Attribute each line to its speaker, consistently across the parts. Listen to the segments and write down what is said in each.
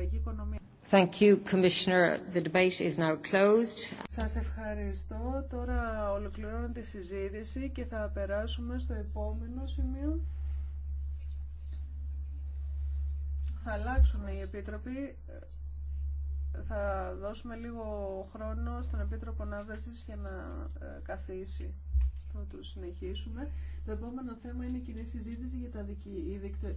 Speaker 1: ευρωπαϊκή οικονομία.
Speaker 2: Thank you, Commissioner. The debate is now closed.
Speaker 1: Σας ευχαριστώ. Τώρα ολοκληρώνεται η συζήτηση και θα περάσουμε στο επόμενο σημείο. Θα αλλάξουμε η Επίτροπη. Θα δώσουμε λίγο χρόνο στον Επίτροπο Ναύεσης για να ε, καθίσει. Θα το συνεχίσουμε. Το επόμενο θέμα είναι η κοινή συζήτηση για τα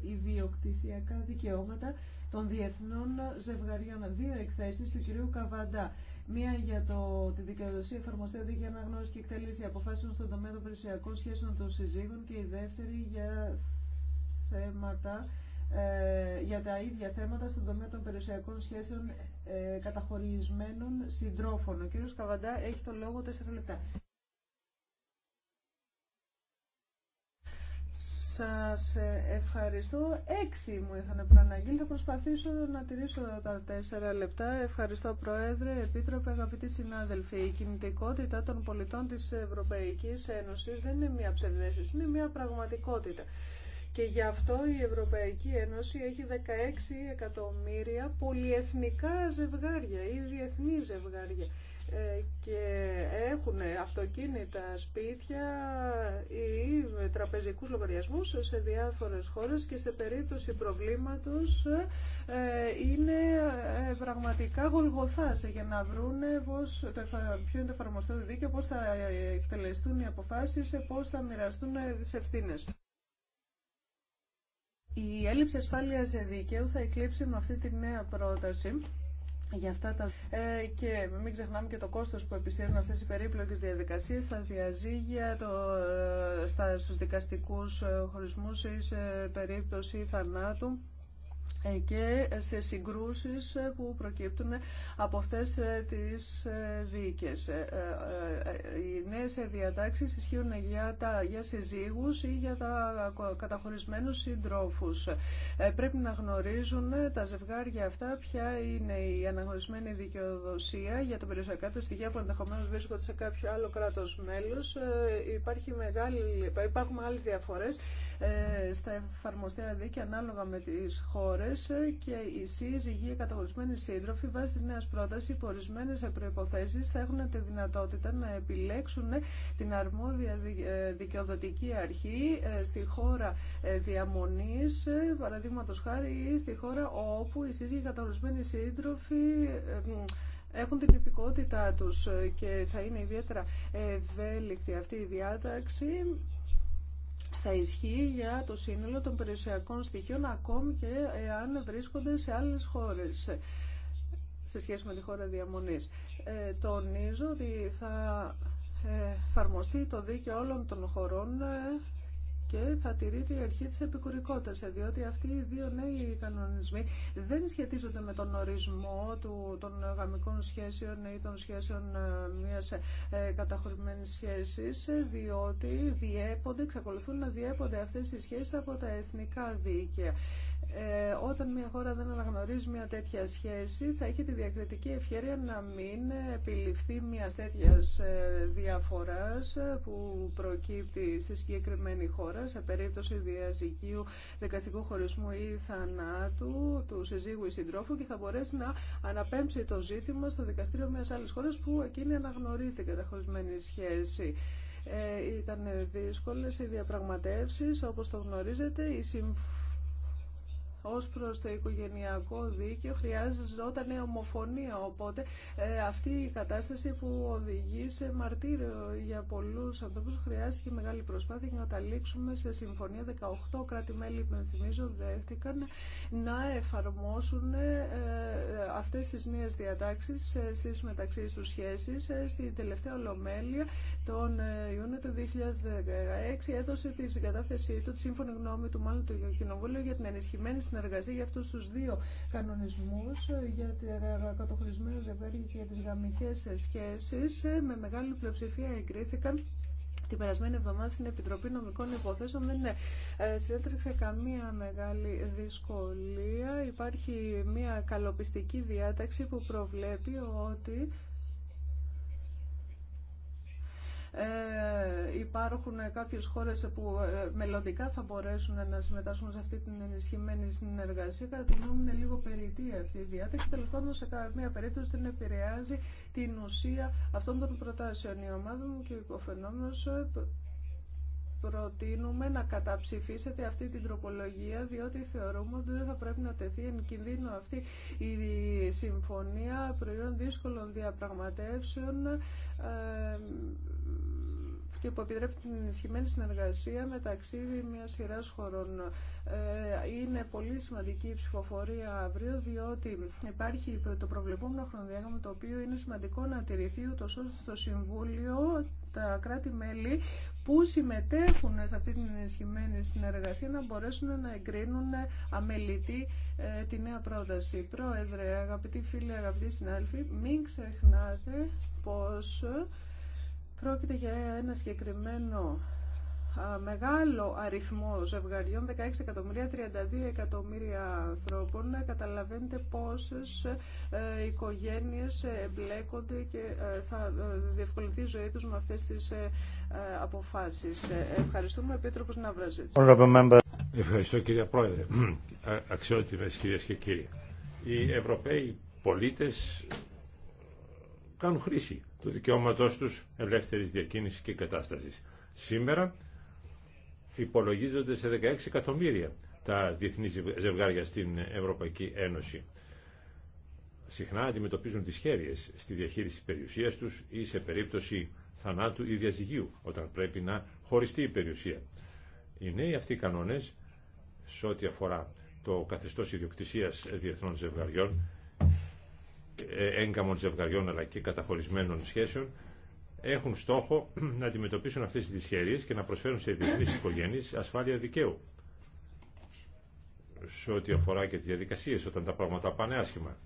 Speaker 1: ιδιοκτησιακά δικαιώματα των διεθνών ζευγαριών. Δύο εκθέσεις του κυρίου Καβαντά. Μία για το, τη δικαιοδοσία εφαρμοστεί για αναγνώριση και εκτέλεση αποφάσεων στον τομέα των περιουσιακών σχέσεων των συζύγων και η δεύτερη για θέματα ε, για τα ίδια θέματα στον τομέα των περιουσιακών σχέσεων ε, καταχωρισμένων συντρόφων. Ο κύριος Καβαντά έχει το λόγο 4 λεπτά. Σας ευχαριστώ. Έξι μου είχαν προαναγγείλει. Θα προσπαθήσω να τηρήσω τα τέσσερα λεπτά. Ευχαριστώ Πρόεδρε, Επίτροπε, αγαπητοί συνάδελφοι. Η κινητικότητα των πολιτών της Ευρωπαϊκής Ένωσης δεν είναι μια ψευδέσεις. είναι μια πραγματικότητα. Και γι' αυτό η Ευρωπαϊκή Ένωση έχει 16 εκατομμύρια πολυεθνικά ζευγάρια ή διεθνή ζευγάρια ε, και έχουν αυτοκίνητα, σπίτια ή τραπεζικούς λογαριασμούς σε διάφορες χώρες και σε περίπτωση προβλήματος ε, είναι ε, πραγματικά γολγοθάς για να βρούνε πώς, το, ποιο είναι το εφαρμοστό δίκαιο, πώς θα εκτελεστούν οι αποφάσεις, πώς θα μοιραστούν τις ευθύνες. Η έλλειψη ασφάλειας δικαίου θα εκλείψει με αυτή τη νέα πρόταση για αυτά ε, και μην ξεχνάμε και το κόστος που επιστρέφουν αυτές οι περίπλοκες διαδικασίες στα διαζύγια, το, ε, στα, στους δικαστικούς ε, χωρισμούς ή σε περίπτωση θανάτου. Ε, και σε συγκρούσεις ε, που προκύπτουν από αυτές ε, τις δίκες. Οι νέες διατάξεις ισχύουν για, τα, για συζύγους ή για τα καταχωρισμένους συντρόφους. Πρέπει να γνωρίζουν τα ζευγάρια αυτά ποια είναι η αναγνωρισμένη δικαιοδοσία για τα περιουσιακά του στοιχεία που ενδεχομένω βρίσκονται σε κάποιο άλλο κράτος μέλος. υπάρχουν άλλες διαφορές στα εφαρμοστέα δίκαια ανάλογα με τις χώρες και οι σύζυγοι οι σύντροφοι βάσει τη νέα πρόταση υπό ορισμένε προποθέσει θα έχουν τη δυνατότητα να επιλέξουν την αρμόδια ε, δικαιοδοτική αρχή ε, στη χώρα ε, διαμονή, παραδείγματο χάρη, ή στη χώρα όπου οι σύζυγοι οι σύντροφοι έχουν την υπηκότητά τους και θα είναι ιδιαίτερα ευέλικτη αυτή η διάταξη θα ισχύει για το σύνολο των περιουσιακών στοιχείων ακόμη και αν βρίσκονται σε άλλες χώρες σε σχέση με τη χώρα διαμονής. Ε, τονίζω ότι θα ε, εφαρμοστεί το δίκαιο όλων των χωρών ε, και θα τηρείται η αρχή της επικουρικότητας, διότι αυτοί οι δύο νέοι κανονισμοί δεν σχετίζονται με τον ορισμό του, των γαμικών σχέσεων ή των σχέσεων ε, μιας ε, καταχωρημένης σχέσης, διότι διέπονται, εξακολουθούν να διέπονται αυτές οι σχέσεις από τα εθνικά δίκαια. Ε, όταν μια χώρα δεν αναγνωρίζει μια τέτοια σχέση θα έχει τη διακριτική ευκαιρία να μην επιληφθεί μια τέτοια ε, διαφοράς ε, που προκύπτει στη συγκεκριμένη χώρα σε περίπτωση διαζυγίου δικαστικού χωρισμού ή θανάτου του συζύγου ή συντρόφου και θα μπορέσει να αναπέμψει το ζήτημα στο δικαστήριο μιας άλλης χώρας που εκείνη αναγνωρίζει την καταχωρισμένη σχέση. Ε, ήταν δύσκολες οι διαπραγματεύσεις, όπως το γνωρίζετε, η συμφωνία ως προς το οικογενειακό δίκαιο χρειάζονταν η ομοφωνία, οπότε ε, αυτή η κατάσταση που οδηγεί σε μαρτύριο για πολλούς ανθρώπους χρειάστηκε μεγάλη προσπάθεια για να λήξουμε σε συμφωνία. 18 κράτη-μέλη, με θυμίζω, δέχτηκαν να εφαρμόσουν ε, αυτές τις νέες διατάξεις ε, στις μεταξύ τους σχέσεις. στη τελευταία ολομέλεια τον Ιούνιο του 2016 έδωσε τη συγκατάθεσή του, τη σύμφωνη γνώμη του μάλλον του Κοινοβούλου για την ενισχυμένη συνεργασία για αυτούς τους δύο κανονισμούς ε, για τα κατοχωρισμένα ζευγάρια και για τις γαμικές σχέσεις ε, με μεγάλη πλειοψηφία εγκρίθηκαν την περασμένη εβδομάδα στην Επιτροπή Νομικών Υποθέσεων δεν ε, συνέτρεξε καμία μεγάλη δυσκολία. Υπάρχει μια καλοπιστική διάταξη που προβλέπει ότι ε, υπάρχουν κάποιες χώρες που ε, μελλοντικά θα μπορέσουν να συμμετάσχουν σε αυτή την ενισχυμένη συνεργασία. Κατά τη γνώμη είναι λίγο περίτη αυτή η διάταξη. Τέλο πάντων, σε καμία περίπτωση δεν επηρεάζει την ουσία αυτών των προτάσεων. Η ομάδα μου και ο φαινόμενο προτείνουμε να καταψηφίσετε αυτή την τροπολογία διότι θεωρούμε ότι δεν θα πρέπει να τεθεί εν κινδύνο αυτή η συμφωνία προϊόν δύσκολων διαπραγματεύσεων ε, και που επιτρέπει την ενισχυμένη συνεργασία μεταξύ μια σειρά χωρών. Ε, είναι πολύ σημαντική η ψηφοφορία αύριο, διότι υπάρχει το προβλεπόμενο χρονοδιάγραμμα το οποίο είναι σημαντικό να τηρηθεί, ούτω ώστε το Συμβούλιο τα κράτη-μέλη που συμμετέχουν σε αυτή την ενισχυμένη συνεργασία να μπορέσουν να εγκρίνουν αμελητή ε, τη νέα πρόταση. Πρόεδρε, αγαπητοί φίλοι, αγαπητοί συνάδελφοι, μην ξεχνάτε πως πρόκειται για ένα συγκεκριμένο μεγάλο αριθμό ζευγαριών, 16 εκατομμύρια, 32 εκατομμύρια ανθρώπων, ε, καταλαβαίνετε πόσες ε, οικογένειες ε, εμπλέκονται και θα διευκολυνθεί η ζωή τους με αυτές τις αποφάσεις. Ευχαριστούμε, Επίτροπος Ναυραζίτης.
Speaker 3: Ευχαριστώ, κυρία Πρόεδρε. Αξιότιμες κυρίες και κύριοι. Οι Ευρωπαίοι πολίτες κάνουν χρήση του δικαιώματός τους ελεύθερης διακίνησης και κατάστασης. Σήμερα υπολογίζονται σε 16 εκατομμύρια τα διεθνή ζευγάρια στην Ευρωπαϊκή Ένωση. Συχνά αντιμετωπίζουν τις χέρειες στη διαχείριση της περιουσίας τους ή σε περίπτωση θανάτου ή διαζυγίου, όταν πρέπει να χωριστεί η περιουσία. Οι νέοι αυτοί κανόνες, σε ό,τι αφορά το καθεστώς ιδιοκτησίας διεθνών ζευγαριών, ε, έγκαμων ζευγαριών αλλά και καταχωρισμένων σχέσεων, έχουν στόχο να αντιμετωπίσουν αυτές τις δυσχερίες... και να προσφέρουν σε διεθνείς οικογένειες ασφάλεια δικαίου σε ό,τι αφορά και τις διαδικασίες όταν τα πράγματα πάνε άσχημα.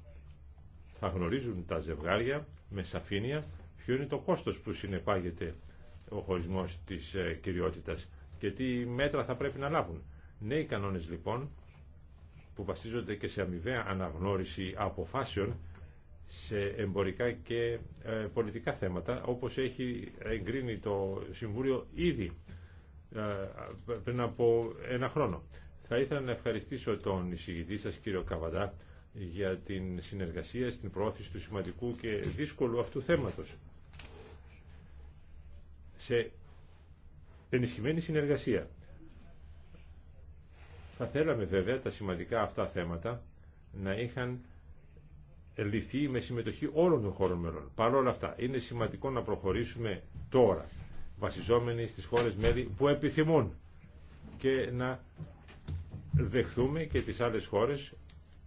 Speaker 3: Θα γνωρίζουν τα ζευγάρια με σαφήνεια ποιο είναι το κόστος που συνεπάγεται ο χωρισμός της ε, κυριότητας και τι μέτρα θα πρέπει να λάβουν. Νέοι κανόνες λοιπόν που βασίζονται και σε αμοιβαία αναγνώριση αποφάσεων σε εμπορικά και ε, πολιτικά θέματα, όπως έχει εγκρίνει το Συμβούλιο ήδη ε, πριν από ένα χρόνο. Θα ήθελα να ευχαριστήσω τον εισηγητή σας, κύριο Καβαντά, για την συνεργασία στην προώθηση του σημαντικού και δύσκολου αυτού θέματος. Σε ενισχυμένη συνεργασία. Θα θέλαμε βέβαια τα σημαντικά αυτά θέματα να είχαν λυθεί με συμμετοχή όλων των χώρων μελών. Παρ' όλα αυτά, είναι σημαντικό να προχωρήσουμε τώρα, βασιζόμενοι στις χώρες μέλη που επιθυμούν και να δεχθούμε και τις άλλες χώρες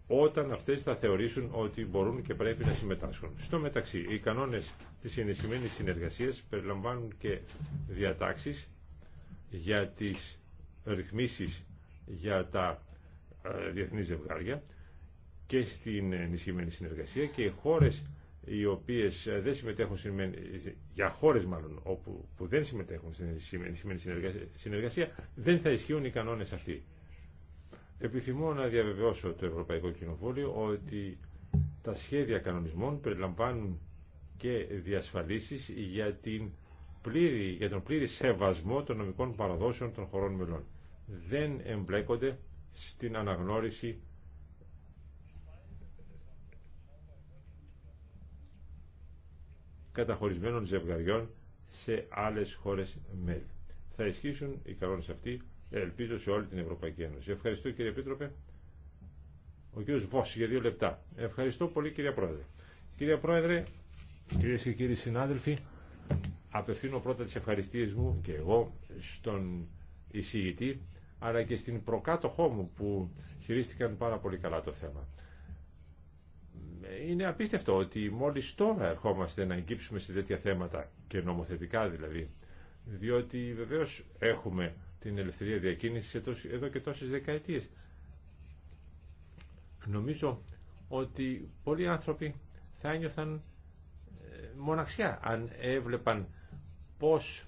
Speaker 3: όταν αυτές θα θεωρήσουν ότι μπορούν και πρέπει να συμμετάσχουν. Στο μεταξύ, οι κανόνες της ενισχυμένης συνεργασίας περιλαμβάνουν και διατάξεις για τις ρυθμίσεις για τα ε, διεθνή ζευγάρια, και στην ενισχυμένη συνεργασία και οι χώρες οι οποίες δεν συμμετέχουν για χώρες μάλλον όπου, που δεν συμμετέχουν στην ενισχυμένη συνεργασία δεν θα ισχύουν οι κανόνες αυτοί. Επιθυμώ να διαβεβαιώσω το Ευρωπαϊκό Κοινοβούλιο ότι τα σχέδια κανονισμών περιλαμβάνουν και διασφαλίσεις για, την πλήρη, για τον πλήρη σεβασμό των νομικών παραδόσεων των χωρών μελών. Δεν εμπλέκονται στην αναγνώριση καταχωρισμένων ζευγαριών σε άλλε χώρε μέλη. Θα ισχύσουν οι κανόνε αυτοί, ελπίζω, σε όλη την Ευρωπαϊκή Ένωση. Ευχαριστώ κύριε Επίτροπε. Ο κύριο Βόση για δύο λεπτά. Ευχαριστώ πολύ κύριε Πρόεδρε. Κύριε Πρόεδρε, κύριε και κύριοι συνάδελφοι, απευθύνω πρώτα τι ευχαριστίες μου και εγώ στον εισηγητή, αλλά και στην προκάτοχό μου που χειρίστηκαν πάρα πολύ καλά το θέμα είναι απίστευτο ότι μόλις τώρα ερχόμαστε να εγκύψουμε σε τέτοια θέματα και νομοθετικά δηλαδή διότι βεβαίως έχουμε την ελευθερία διακίνησης εδώ και τόσες δεκαετίες. Νομίζω ότι πολλοί άνθρωποι θα ένιωθαν ε, μοναξιά αν έβλεπαν πώς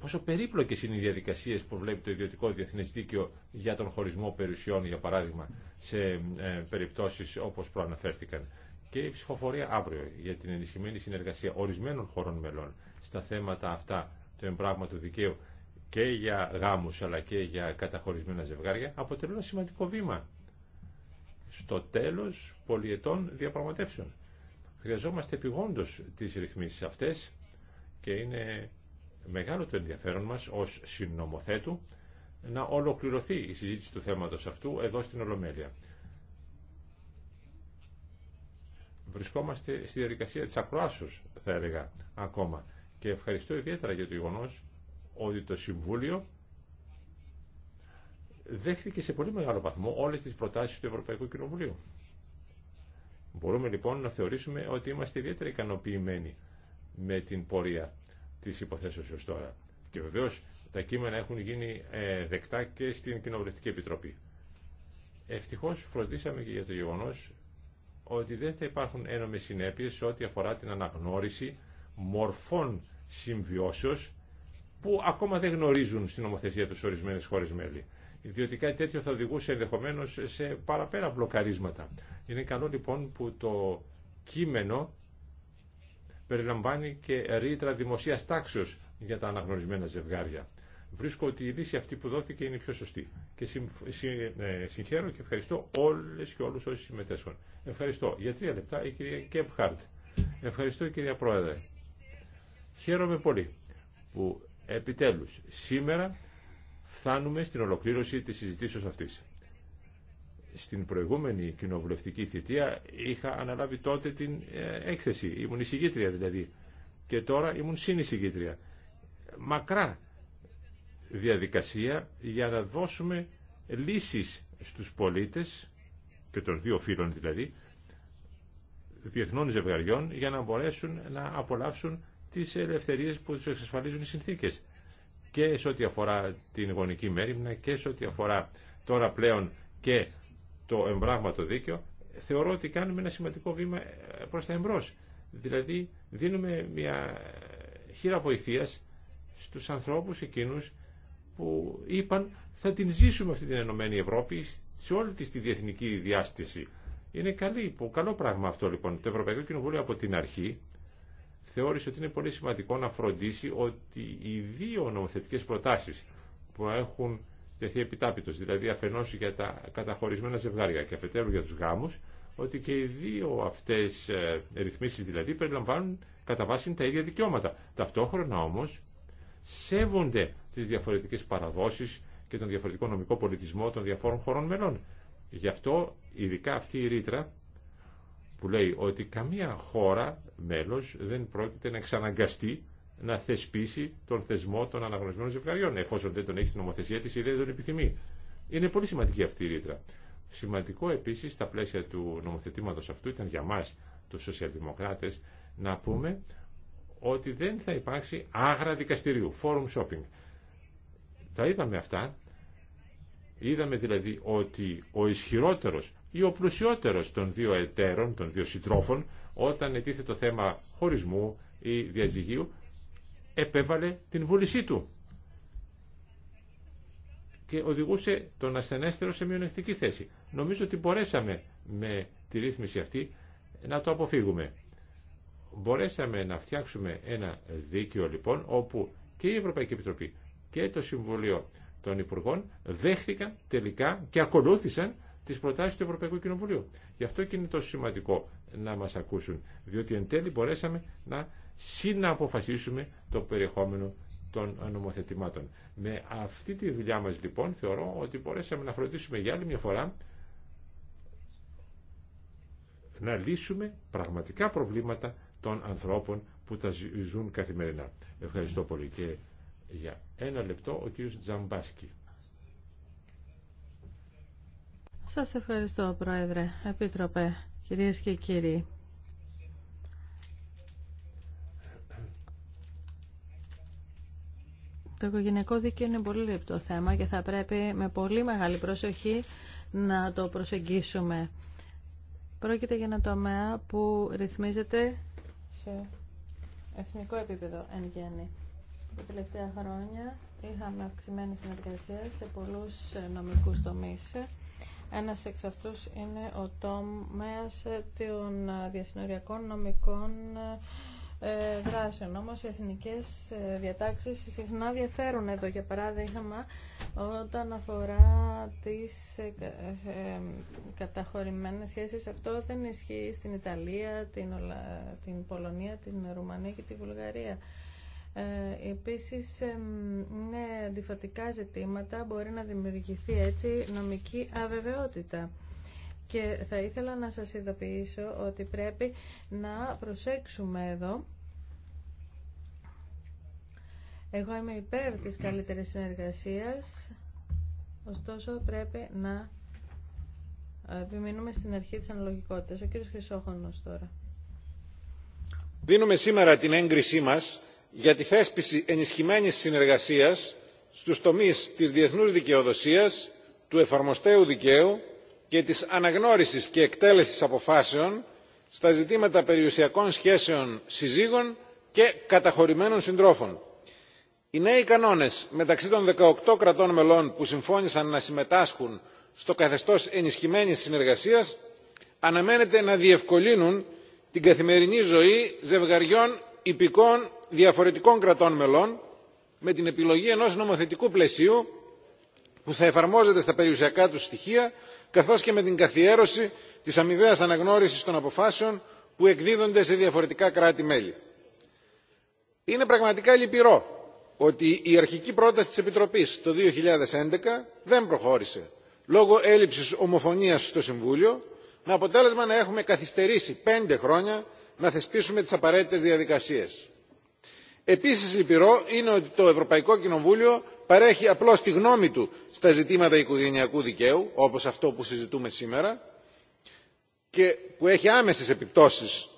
Speaker 3: πόσο περίπλοκες είναι οι διαδικασίε που βλέπει το ιδιωτικό διεθνέ δίκαιο για τον χωρισμό περιουσιών, για παράδειγμα, σε ε, περιπτώσει όπω προαναφέρθηκαν. Και η ψηφοφορία αύριο για την ενισχυμένη συνεργασία ορισμένων χωρών μελών στα θέματα αυτά του εμπράγματου δικαίου και για γάμου αλλά και για καταχωρισμένα ζευγάρια αποτελούν ένα σημαντικό βήμα στο τέλο πολιετών διαπραγματεύσεων. Χρειαζόμαστε επιγόντω τι ρυθμίσει αυτέ και είναι μεγάλο το ενδιαφέρον μας ως συνομοθέτου να ολοκληρωθεί η συζήτηση του θέματος αυτού εδώ στην Ολομέλεια. Βρισκόμαστε στη διαδικασία της ακροάσεως, θα έλεγα, ακόμα. Και ευχαριστώ ιδιαίτερα για το γεγονό ότι το Συμβούλιο δέχτηκε σε πολύ μεγάλο βαθμό όλες τις προτάσεις του Ευρωπαϊκού Κοινοβουλίου. Μπορούμε λοιπόν να θεωρήσουμε ότι είμαστε ιδιαίτερα ικανοποιημένοι με την πορεία Τη υποθέσεως ως τώρα. Και βεβαίως τα κείμενα έχουν γίνει ε, δεκτά και στην Κοινοβουλευτική Επιτροπή. Ευτυχώς φροντίσαμε και για το γεγονός ότι δεν θα υπάρχουν ένομες συνέπειες σε ό,τι αφορά την αναγνώριση μορφών συμβιώσεως που ακόμα δεν γνωρίζουν στην νομοθεσία τους ορισμένες χώρες μέλη. Διότι κάτι τέτοιο θα οδηγούσε ενδεχομένω σε παραπέρα μπλοκαρίσματα. Είναι καλό λοιπόν που το κείμενο περιλαμβάνει και ρήτρα δημοσία τάξεω για τα αναγνωρισμένα ζευγάρια. Βρίσκω ότι η λύση αυτή που δόθηκε είναι πιο σωστή. Και ε, συγχαίρω και ευχαριστώ όλε και όλου όσοι συμμετέσχουν. Ευχαριστώ. Για τρία λεπτά η κυρία Κέπχαρτ. Ευχαριστώ κυρία Πρόεδρε. Χαίρομαι πολύ που επιτέλους σήμερα φτάνουμε στην ολοκλήρωση της συζητήσεως αυτής στην προηγούμενη κοινοβουλευτική θητεία είχα αναλάβει τότε την ε, έκθεση. Ήμουν εισηγήτρια δηλαδή. Και τώρα ήμουν συνεισηγήτρια. Μακρά διαδικασία για να δώσουμε λύσεις στους πολίτες και των δύο φίλων δηλαδή διεθνών ζευγαριών για να μπορέσουν να απολαύσουν τις ελευθερίες που τους εξασφαλίζουν οι συνθήκες και σε ό,τι αφορά την γονική μέρημνα και σε ό,τι αφορά τώρα πλέον και το εμπράγματο δίκαιο, θεωρώ ότι κάνουμε ένα σημαντικό βήμα προς τα εμπρός. Δηλαδή δίνουμε μια χείρα βοηθείας στους ανθρώπους εκείνους που είπαν θα την ζήσουμε αυτή την Ενωμένη ΕΕ Ευρώπη σε όλη τη τη διεθνική διάστηση. Είναι καλή, καλό πράγμα αυτό λοιπόν. Το Ευρωπαϊκό Κοινοβούλιο από την αρχή θεώρησε ότι είναι πολύ σημαντικό να φροντίσει ότι οι δύο νομοθετικές προτάσεις που έχουν τεθεί επιτάπητος, δηλαδή αφενός για τα καταχωρισμένα ζευγάρια και αφετέρου για τους γάμους, ότι και οι δύο αυτές ε, ρυθμίσεις δηλαδή περιλαμβάνουν κατά βάση τα ίδια δικαιώματα. Ταυτόχρονα όμως σέβονται τις διαφορετικές παραδόσεις και τον διαφορετικό νομικό πολιτισμό των διαφόρων χωρών μελών. Γι' αυτό ειδικά αυτή η ρήτρα που λέει ότι καμία χώρα μέλος δεν πρόκειται να εξαναγκαστεί να θεσπίσει τον θεσμό των αναγνωρισμένων ζευγαριών, εφόσον δεν τον έχει στην νομοθεσία τη ή δεν τον επιθυμεί. Είναι πολύ σημαντική αυτή η ρήτρα. Σημαντικό επίση στα πλαίσια του νομοθετήματο αυτού ήταν για μα, του σοσιαλδημοκράτε, να πούμε ότι δεν θα υπάρξει άγρα δικαστηρίου, forum shopping. Τα είδαμε αυτά. Είδαμε δηλαδή ότι ο ισχυρότερο ή ο πλουσιότερος των δύο εταίρων, των δύο συντρόφων, όταν ετίθεται το θέμα χωρισμού ή διαζυγίου, επέβαλε την βούλησή του και οδηγούσε τον ασθενέστερο σε μειονεκτική θέση. Νομίζω ότι μπορέσαμε με τη ρύθμιση αυτή να το αποφύγουμε. Μπορέσαμε να φτιάξουμε ένα δίκαιο λοιπόν όπου και η Ευρωπαϊκή Επιτροπή και το Συμβουλίο των Υπουργών δέχτηκαν τελικά και ακολούθησαν τι προτάσει του Ευρωπαϊκού Κοινοβουλίου. Γι' αυτό και είναι τόσο σημαντικό να μας ακούσουν, διότι εν τέλει μπορέσαμε να συναποφασίσουμε το περιεχόμενο των νομοθετημάτων. Με αυτή τη δουλειά μας λοιπόν θεωρώ ότι μπορέσαμε να φροντίσουμε για άλλη μια φορά να λύσουμε πραγματικά προβλήματα των ανθρώπων που τα ζουν καθημερινά. Ευχαριστώ πολύ και για ένα λεπτό ο κύριος Τζαμπάσκι.
Speaker 2: Σας ευχαριστώ, Πρόεδρε, Επίτροπε, κυρίες και κύριοι. Το οικογενειακό δίκαιο είναι πολύ λεπτό θέμα και θα πρέπει με πολύ μεγάλη προσοχή να το προσεγγίσουμε. Πρόκειται για ένα τομέα που ρυθμίζεται σε εθνικό επίπεδο εν γέννη. Τα τελευταία χρόνια είχαμε αυξημένη συνεργασία σε πολλούς νομικούς τομείς ένας εξ αυτούς είναι ο τομέας των διασυνοριακών νομικών ε, δράσεων. Όμως οι εθνικές ε, διατάξεις συχνά διαφέρουν εδώ. Για παράδειγμα, όταν αφορά τις ε, καταχωρημένες σχέσεις, αυτό δεν ισχύει στην Ιταλία, την, Πολωνία, την Ρουμανία και τη Βουλγαρία. Ε, επίσης, είναι αντιφατικά ζητήματα μπορεί να δημιουργηθεί έτσι νομική αβεβαιότητα. Και θα ήθελα να σας ειδοποιήσω ότι πρέπει να προσέξουμε εδώ εγώ είμαι υπέρ της καλύτερης συνεργασίας, ωστόσο πρέπει να επιμείνουμε στην αρχή της αναλογικότητας. Ο κύριος Χρυσόχωνος τώρα.
Speaker 4: Δίνουμε σήμερα την έγκρισή μας για τη θέσπιση ενισχυμένης συνεργασίας στους τομείς της διεθνούς δικαιοδοσίας του εφαρμοστέου δικαίου και της αναγνώρισης και εκτέλεσης αποφάσεων στα ζητήματα περιουσιακών σχέσεων συζύγων και καταχωρημένων συντρόφων. Οι νέοι κανόνες μεταξύ των 18 κρατών μελών που συμφώνησαν να συμμετάσχουν στο καθεστώς ενισχυμένης συνεργασίας αναμένεται να διευκολύνουν την καθημερινή ζωή ζευγαριών υπηκών διαφορετικών κρατών μελών με την επιλογή ενός νομοθετικού πλαισίου που θα εφαρμόζεται στα περιουσιακά του στοιχεία καθώς και με την καθιέρωση της αμοιβαίας αναγνώρισης των αποφάσεων που εκδίδονται σε διαφορετικά κράτη-μέλη. Είναι πραγματικά λυπηρό ότι η αρχική πρόταση της Επιτροπής το 2011 δεν προχώρησε λόγω έλλειψης ομοφωνίας στο Συμβούλιο με αποτέλεσμα να έχουμε καθυστερήσει πέντε χρόνια να θεσπίσουμε τις απαραίτητες διαδικασίες. Επίσης λυπηρό είναι ότι το Ευρωπαϊκό Κοινοβούλιο παρέχει απλώς τη γνώμη του στα ζητήματα οικογενειακού δικαίου, όπως αυτό που συζητούμε σήμερα, και που έχει άμεσες επιπτώσεις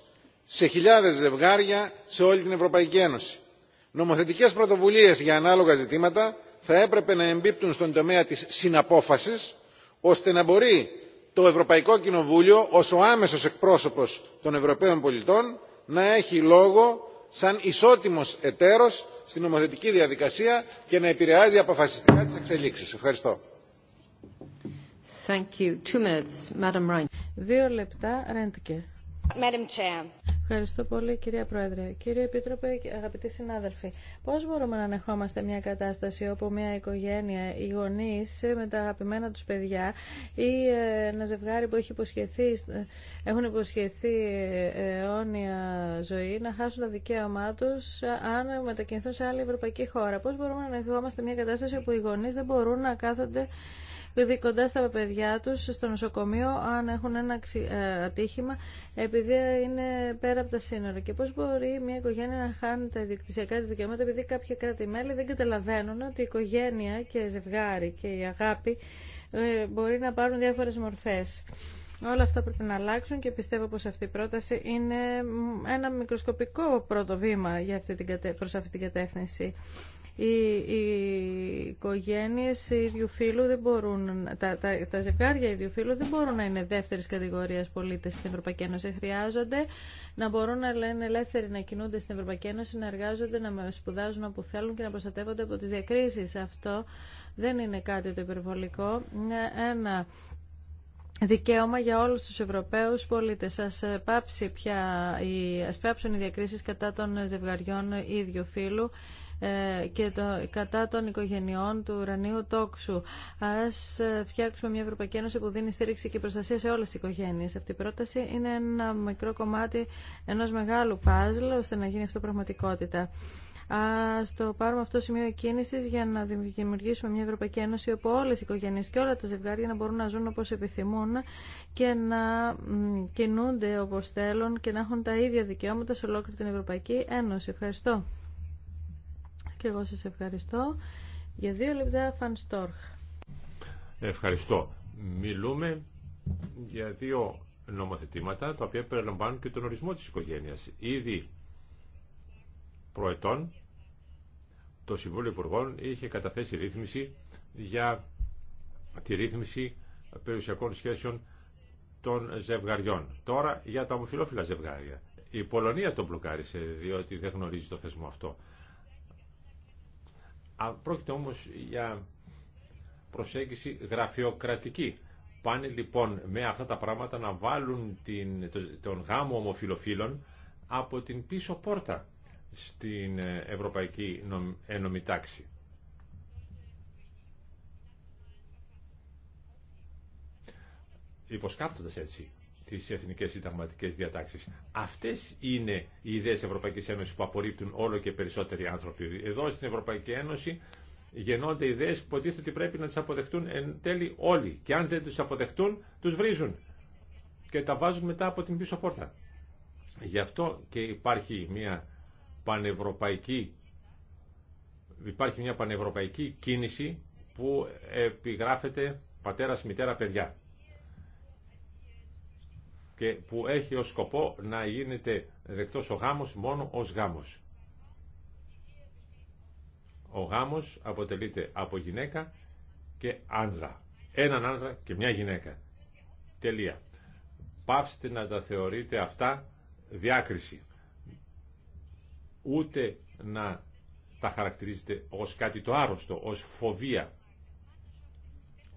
Speaker 4: σε χιλιάδες ζευγάρια σε όλη την Ευρωπαϊκή Ένωση. Νομοθετικές πρωτοβουλίες για ανάλογα ζητήματα θα έπρεπε να εμπίπτουν στον τομέα της συναπόφασης, ώστε να μπορεί το ευρωπαϊκό κοινοβούλιο ως ο άμεσος εκπρόσωπος των ευρωπαίων πολιτών να έχει λόγο σαν ισότιμος εταίρος στην νομοθετική διαδικασία και να επηρεάζει αποφασιστικά τις εξελίξεις. Ευχαριστώ.
Speaker 2: λεπτά, Ευχαριστώ πολύ κυρία Πρόεδρε. Κύριε Επίτροπε, αγαπητοί συνάδελφοι, πώς μπορούμε να ανεχόμαστε μια κατάσταση όπου μια οικογένεια, οι γονείς με τα αγαπημένα τους παιδιά ή ε, ένα ζευγάρι που έχει υποσχεθεί, έχουν υποσχεθεί ε, αιώνια ζωή να χάσουν το δικαίωμά του αν μετακινηθούν σε άλλη ευρωπαϊκή χώρα. Πώς μπορούμε να ανεχόμαστε μια κατάσταση όπου οι γονείς δεν μπορούν να κάθονται Δηλαδή κοντά στα παιδιά τους στο νοσοκομείο αν έχουν ένα ε, ατύχημα επειδή είναι πέρα από τα σύνορα. Και πώς μπορεί μια οικογένεια να χάνει τα διεκτησιακά της δικαιώματα επειδή κάποια κράτη-μέλη δεν καταλαβαίνουν ότι η οικογένεια και ζευγάρι και η αγάπη ε, μπορεί να πάρουν διάφορες μορφές. Όλα αυτά πρέπει να αλλάξουν και πιστεύω πως αυτή η πρόταση είναι ένα μικροσκοπικό πρώτο βήμα για αυτή την, προς αυτή την κατεύθυνση οι, οι οικογένειες ίδιου φύλου δεν μπορούν, τα, τα, τα ζευγάρια ίδιου δεν μπορούν να είναι δεύτερη κατηγορία πολίτε στην Ευρωπαϊκή Ένωση. Χρειάζονται να μπορούν να λένε ελεύθεροι να κινούνται στην Ευρωπαϊκή Ένωση, να εργάζονται, να σπουδάζουν όπου θέλουν και να προστατεύονται από τι διακρίσει. Αυτό δεν είναι κάτι το υπερβολικό. Ένα δικαίωμα για όλους τους Ευρωπαίους πολίτες. Ας, ε, πάψει πάψουν οι διακρίσεις κατά των ζευγαριών ίδιου φύλου ε, και το, κατά των οικογενειών του ουρανίου τόξου. Α ε, φτιάξουμε μια Ευρωπαϊκή Ένωση που δίνει στήριξη και προστασία σε όλε τι οικογένειε. Αυτή η πρόταση είναι ένα μικρό κομμάτι ενό μεγάλου παζλ ώστε να γίνει αυτό πραγματικότητα. Α το πάρουμε αυτό σημείο κίνηση για να δημιουργήσουμε μια Ευρωπαϊκή Ένωση όπου όλε οι οικογένειε και όλα τα ζευγάρια να μπορούν να ζουν όπω επιθυμούν και να κινούνται όπω θέλουν και να έχουν τα ίδια δικαιώματα σε ολόκληρη την Ευρωπαϊκή Ένωση. Ευχαριστώ. Και εγώ σας ευχαριστώ. Για δύο λεπτά, Φαν Στόρχ.
Speaker 3: Ευχαριστώ. Μιλούμε για δύο νομοθετήματα τα οποία περιλαμβάνουν και τον ορισμό της οικογένειας. Ήδη προετών το Συμβούλιο Υπουργών είχε καταθέσει ρύθμιση για τη ρύθμιση περιουσιακών σχέσεων των ζευγαριών. Τώρα για τα ομοφυλόφιλα ζευγάρια. Η Πολωνία τον μπλοκάρισε διότι δεν γνωρίζει το θεσμό αυτό. Πρόκειται όμως για προσέγγιση γραφειοκρατική. Πάνε λοιπόν με αυτά τα πράγματα να βάλουν την, τον γάμο ομοφιλοφίλων από την πίσω πόρτα στην ε, Ευρωπαϊκή Ένωμη ε, Τάξη. Υποσκάπτοντας έτσι τις εθνικές συνταγματικέ διατάξεις. Αυτές είναι οι ιδέες Ευρωπαϊκής Ένωσης που απορρίπτουν όλο και περισσότεροι άνθρωποι. Εδώ στην Ευρωπαϊκή Ένωση γεννώνται ιδέες που υποτίθεται ότι πρέπει να τις αποδεχτούν εν τέλει όλοι. Και αν δεν τους αποδεχτούν, τους βρίζουν και τα βάζουν μετά από την πίσω πόρτα. Γι' αυτό και υπάρχει μια πανευρωπαϊκή υπάρχει μια πανευρωπαϊκή κίνηση που επιγράφεται πατέρας, μητέρα, παιδιά και που έχει ως σκοπό να γίνεται δεκτός ο γάμος μόνο ως γάμος. Ο γάμος αποτελείται από γυναίκα και άνδρα. Έναν άνδρα και μια γυναίκα. Τελεία. Πάψτε να τα θεωρείτε αυτά διάκριση. Ούτε να τα χαρακτηρίζετε ως κάτι το άρρωστο, ως φοβία.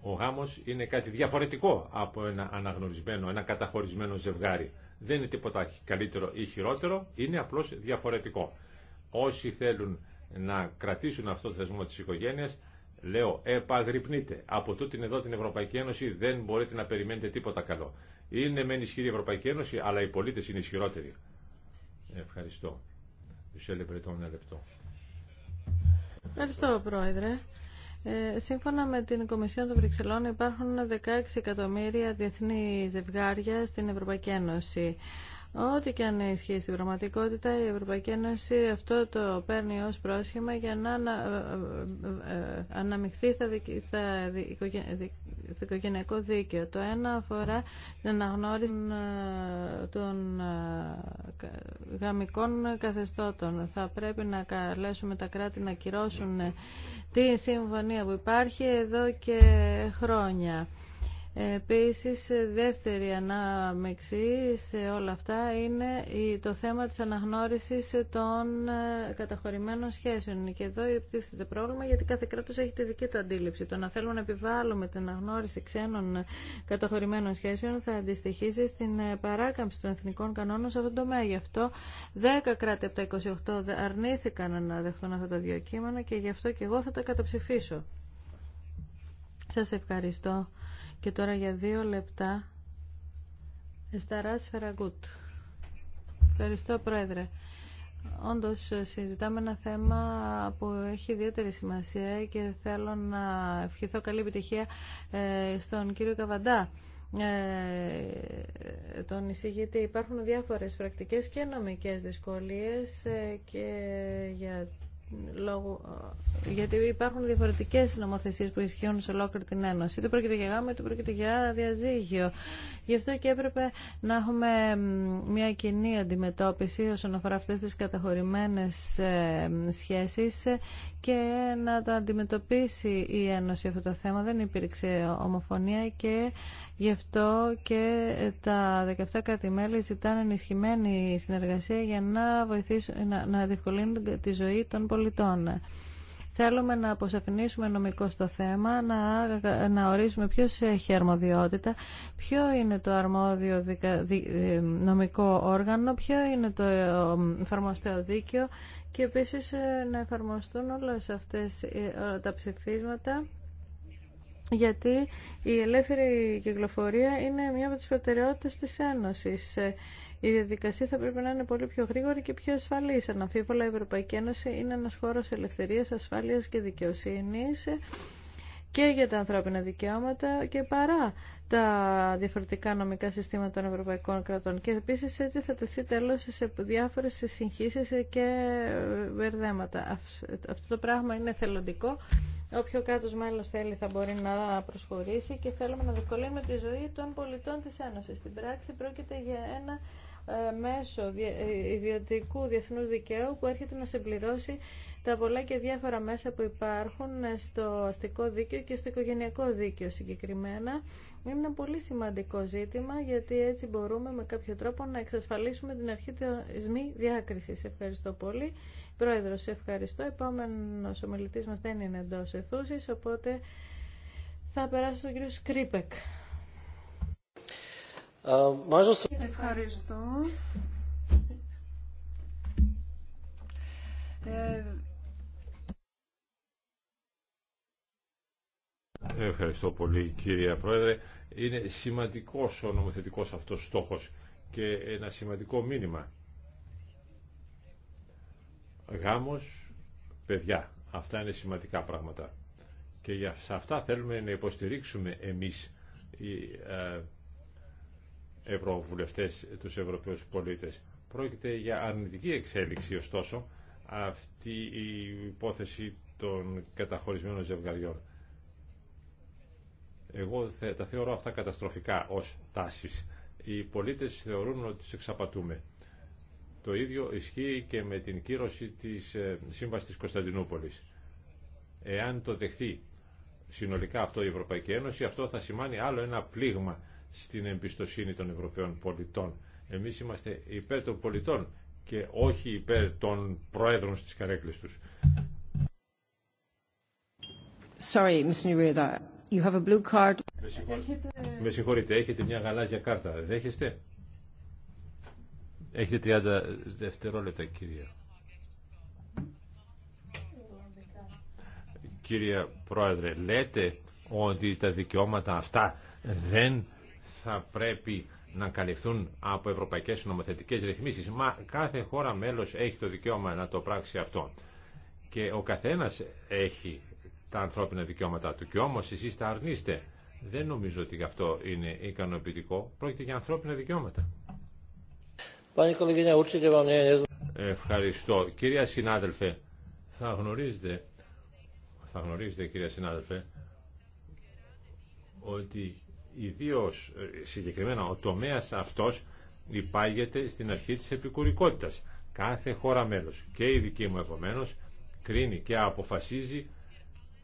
Speaker 3: Ο γάμος είναι κάτι διαφορετικό από ένα αναγνωρισμένο, ένα καταχωρισμένο ζευγάρι. Δεν είναι τίποτα καλύτερο ή χειρότερο, είναι απλώς διαφορετικό. Όσοι θέλουν να κρατήσουν αυτό το θεσμό της οικογένειας, λέω επαγρυπνείτε. Από τούτην εδώ την Ευρωπαϊκή Ένωση δεν μπορείτε να περιμένετε τίποτα καλό. Είναι μεν ισχυρή η Ευρωπαϊκή Ένωση, αλλά οι πολίτες είναι ισχυρότεροι. Ευχαριστώ.
Speaker 2: Ευχαριστώ, Πρόεδρε. Ε, σύμφωνα με την Κομισιόν των Βρυξελών υπάρχουν 16 εκατομμύρια διεθνή ζευγάρια στην Ευρωπαϊκή Ένωση. Ό,τι και αν ισχύει στην πραγματικότητα, η Ευρωπαϊκή Ένωση αυτό το παίρνει ως πρόσχημα για να ε, ε, ε, αναμειχθεί στα, δικ, στα στο οικογενειακό δίκαιο. Το ένα αφορά να αναγνώριση των γαμικών καθεστώτων. Θα πρέπει να καλέσουμε τα κράτη να κυρώσουν τη συμφωνία που υπάρχει εδώ και χρόνια. Επίσης, δεύτερη ανάμεξη σε όλα αυτά είναι το θέμα της αναγνώρισης των ε, καταχωρημένων σχέσεων. Και εδώ υπτίθεται πρόβλημα γιατί κάθε κράτος έχει τη δική του αντίληψη. Το να θέλουμε να επιβάλλουμε την αναγνώριση ξένων ε, καταχωρημένων σχέσεων θα αντιστοιχίσει στην ε, παράκαμψη των εθνικών κανόνων σε αυτό το τομέα. Γι' αυτό 10 κράτη από τα 28 αρνήθηκαν να δεχτούν αυτά τα δύο κείμενα και γι' αυτό και εγώ θα τα καταψηφίσω. Σας ευχαριστώ. Και τώρα για δύο λεπτά, Εσταράς Φεραγκούτ. Ευχαριστώ, Πρόεδρε. Όντως συζητάμε ένα θέμα που έχει ιδιαίτερη σημασία και θέλω να ευχηθώ καλή επιτυχία ε, στον κύριο Καβαντά ε, τον εισηγητή. Υπάρχουν διάφορες πρακτικές και νομικές δυσκολίες ε, και για λόγω, ε, γιατί υπάρχουν διαφορετικέ νομοθεσίε που ισχύουν σε ολόκληρη την Ένωση. Είτε πρόκειται για γάμο, είτε πρόκειται για διαζύγιο. Γι' αυτό και έπρεπε να έχουμε μια κοινή αντιμετώπιση όσον αφορά αυτέ τις καταχωρημένε ε, σχέσεις και να τα αντιμετωπίσει η Ένωση αυτό το θέμα. Δεν υπήρξε ομοφωνία και γι' αυτό και τα 17 κράτη-μέλη ζητάνε ενισχυμένη συνεργασία για να, βοηθήσουν, να, να διευκολύνουν τη ζωή των πολιτών. Θέλουμε να αποσαφηνίσουμε νομικό στο θέμα, να, να ορίσουμε ποιο έχει αρμοδιότητα, ποιο είναι το αρμόδιο ε, νομικό όργανο, ποιο είναι το ε, εφαρμοστέο δίκαιο και επίσης ε, να εφαρμοστούν όλες αυτές τα ψηφίσματα γιατί η ελεύθερη κυκλοφορία είναι μία από τις προτεραιότητες της Ένωσης η διαδικασία θα πρέπει να είναι πολύ πιο γρήγορη και πιο ασφαλής. Αναμφίβολα η Ευρωπαϊκή Ένωση είναι ένα χώρο ελευθερία, ασφάλεια και δικαιοσύνη και για τα ανθρώπινα δικαιώματα και παρά τα διαφορετικά νομικά συστήματα των ευρωπαϊκών κρατών. Και επίση έτσι θα τεθεί τέλο σε διάφορε συγχύσεις και μπερδέματα. Αυτό το πράγμα είναι θελοντικό. Όποιο κράτο μέλο θέλει θα μπορεί να προσχωρήσει και θέλουμε να δυσκολύνουμε τη ζωή των πολιτών της Ένωσης. Στην πράξη πρόκειται για ένα ε, μέσο ε, ιδιωτικού διεθνούς δικαίου που έρχεται να συμπληρώσει τα πολλά και διάφορα μέσα που υπάρχουν ε, στο αστικό δίκαιο και στο οικογενειακό δίκαιο συγκεκριμένα. Είναι ένα πολύ σημαντικό ζήτημα γιατί έτσι μπορούμε με κάποιο τρόπο να εξασφαλίσουμε την αρχή της μη διάκρισης. Ευχαριστώ πολύ. Πρόεδρος, σε ευχαριστώ. Επόμενος ο μας δεν είναι εντός αιθούσης, οπότε θα περάσω στον κύριο Σκρίπεκ. Ευχαριστώ.
Speaker 1: Ε,
Speaker 3: ευχαριστώ πολύ κυρία Πρόεδρε. Είναι σημαντικός ο νομοθετικός αυτός στόχος και ένα σημαντικό μήνυμα. Γάμος, παιδιά. Αυτά είναι σημαντικά πράγματα. Και για αυτά θέλουμε να υποστηρίξουμε εμείς ε, ευρωβουλευτές, τους Ευρωπαίους πολίτες. Πρόκειται για αρνητική εξέλιξη ωστόσο αυτή η υπόθεση των καταχωρισμένων ζευγαριών. Εγώ τα θεωρώ αυτά καταστροφικά ως τάσεις. Οι πολίτες θεωρούν ότι του εξαπατούμε. Το ίδιο ισχύει και με την κύρωση της ε, Σύμβασης της Κωνσταντινούπολης. Εάν το δεχθεί συνολικά αυτό η Ευρωπαϊκή Ένωση, αυτό θα σημάνει άλλο ένα πλήγμα στην εμπιστοσύνη των Ευρωπαίων πολιτών. Εμείς είμαστε υπέρ των πολιτών και όχι υπέρ των προέδρων στις καρέκλες τους.
Speaker 2: Sorry, you have a blue card.
Speaker 3: Με
Speaker 1: συγχωρείτε.
Speaker 3: Με συγχωρείτε, έχετε μια γαλάζια κάρτα. Δέχεστε. Έχετε 30 δευτερόλεπτα, κυρία. Κύριε Πρόεδρε, λέτε ότι τα δικαιώματα αυτά δεν θα πρέπει να καλυφθούν από ευρωπαϊκές νομοθετικές ρυθμίσεις. Μα κάθε χώρα μέλος έχει το δικαίωμα να το πράξει αυτό. Και ο καθένας έχει τα ανθρώπινα δικαιώματα του. Και όμως εσείς τα αρνείστε. Δεν νομίζω ότι γι' αυτό είναι ικανοποιητικό. Πρόκειται για ανθρώπινα δικαιώματα. Ευχαριστώ. Κυρία συνάδελφε, θα γνωρίζετε, θα γνωρίζετε κυρία συνάδελφε, ότι Ιδίω ε, συγκεκριμένα ο τομέας αυτός υπάγεται στην αρχή της επικουρικότητα Κάθε χώρα μέλο και η δική μου επομένω κρίνει και αποφασίζει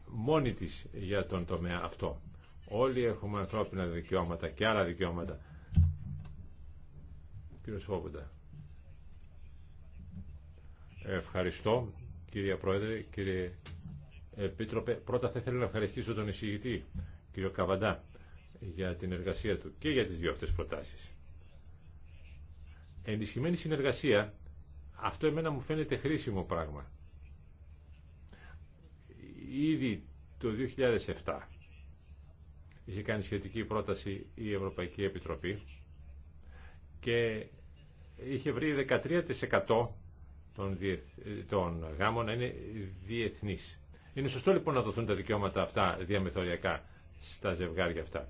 Speaker 3: μόνη της για τον τομέα αυτό. Όλοι έχουμε ανθρώπινα δικαιώματα και άλλα δικαιώματα. Κύριε Σφόβοντα. Ευχαριστώ κύριε Πρόεδρε, κύριε Επίτροπε. Πρώτα θα ήθελα να ευχαριστήσω τον εισηγητή, κύριο Καβαντά για την εργασία του και για τις δύο αυτές προτάσεις. Ενισχυμένη συνεργασία, αυτό εμένα μου φαίνεται χρήσιμο πράγμα. Ήδη το 2007 είχε κάνει σχετική πρόταση η Ευρωπαϊκή Επιτροπή και είχε βρει 13% των, διεθ... των γάμων να είναι διεθνείς. Είναι σωστό λοιπόν να δοθούν τα δικαιώματα αυτά διαμεθοριακά στα ζευγάρια αυτά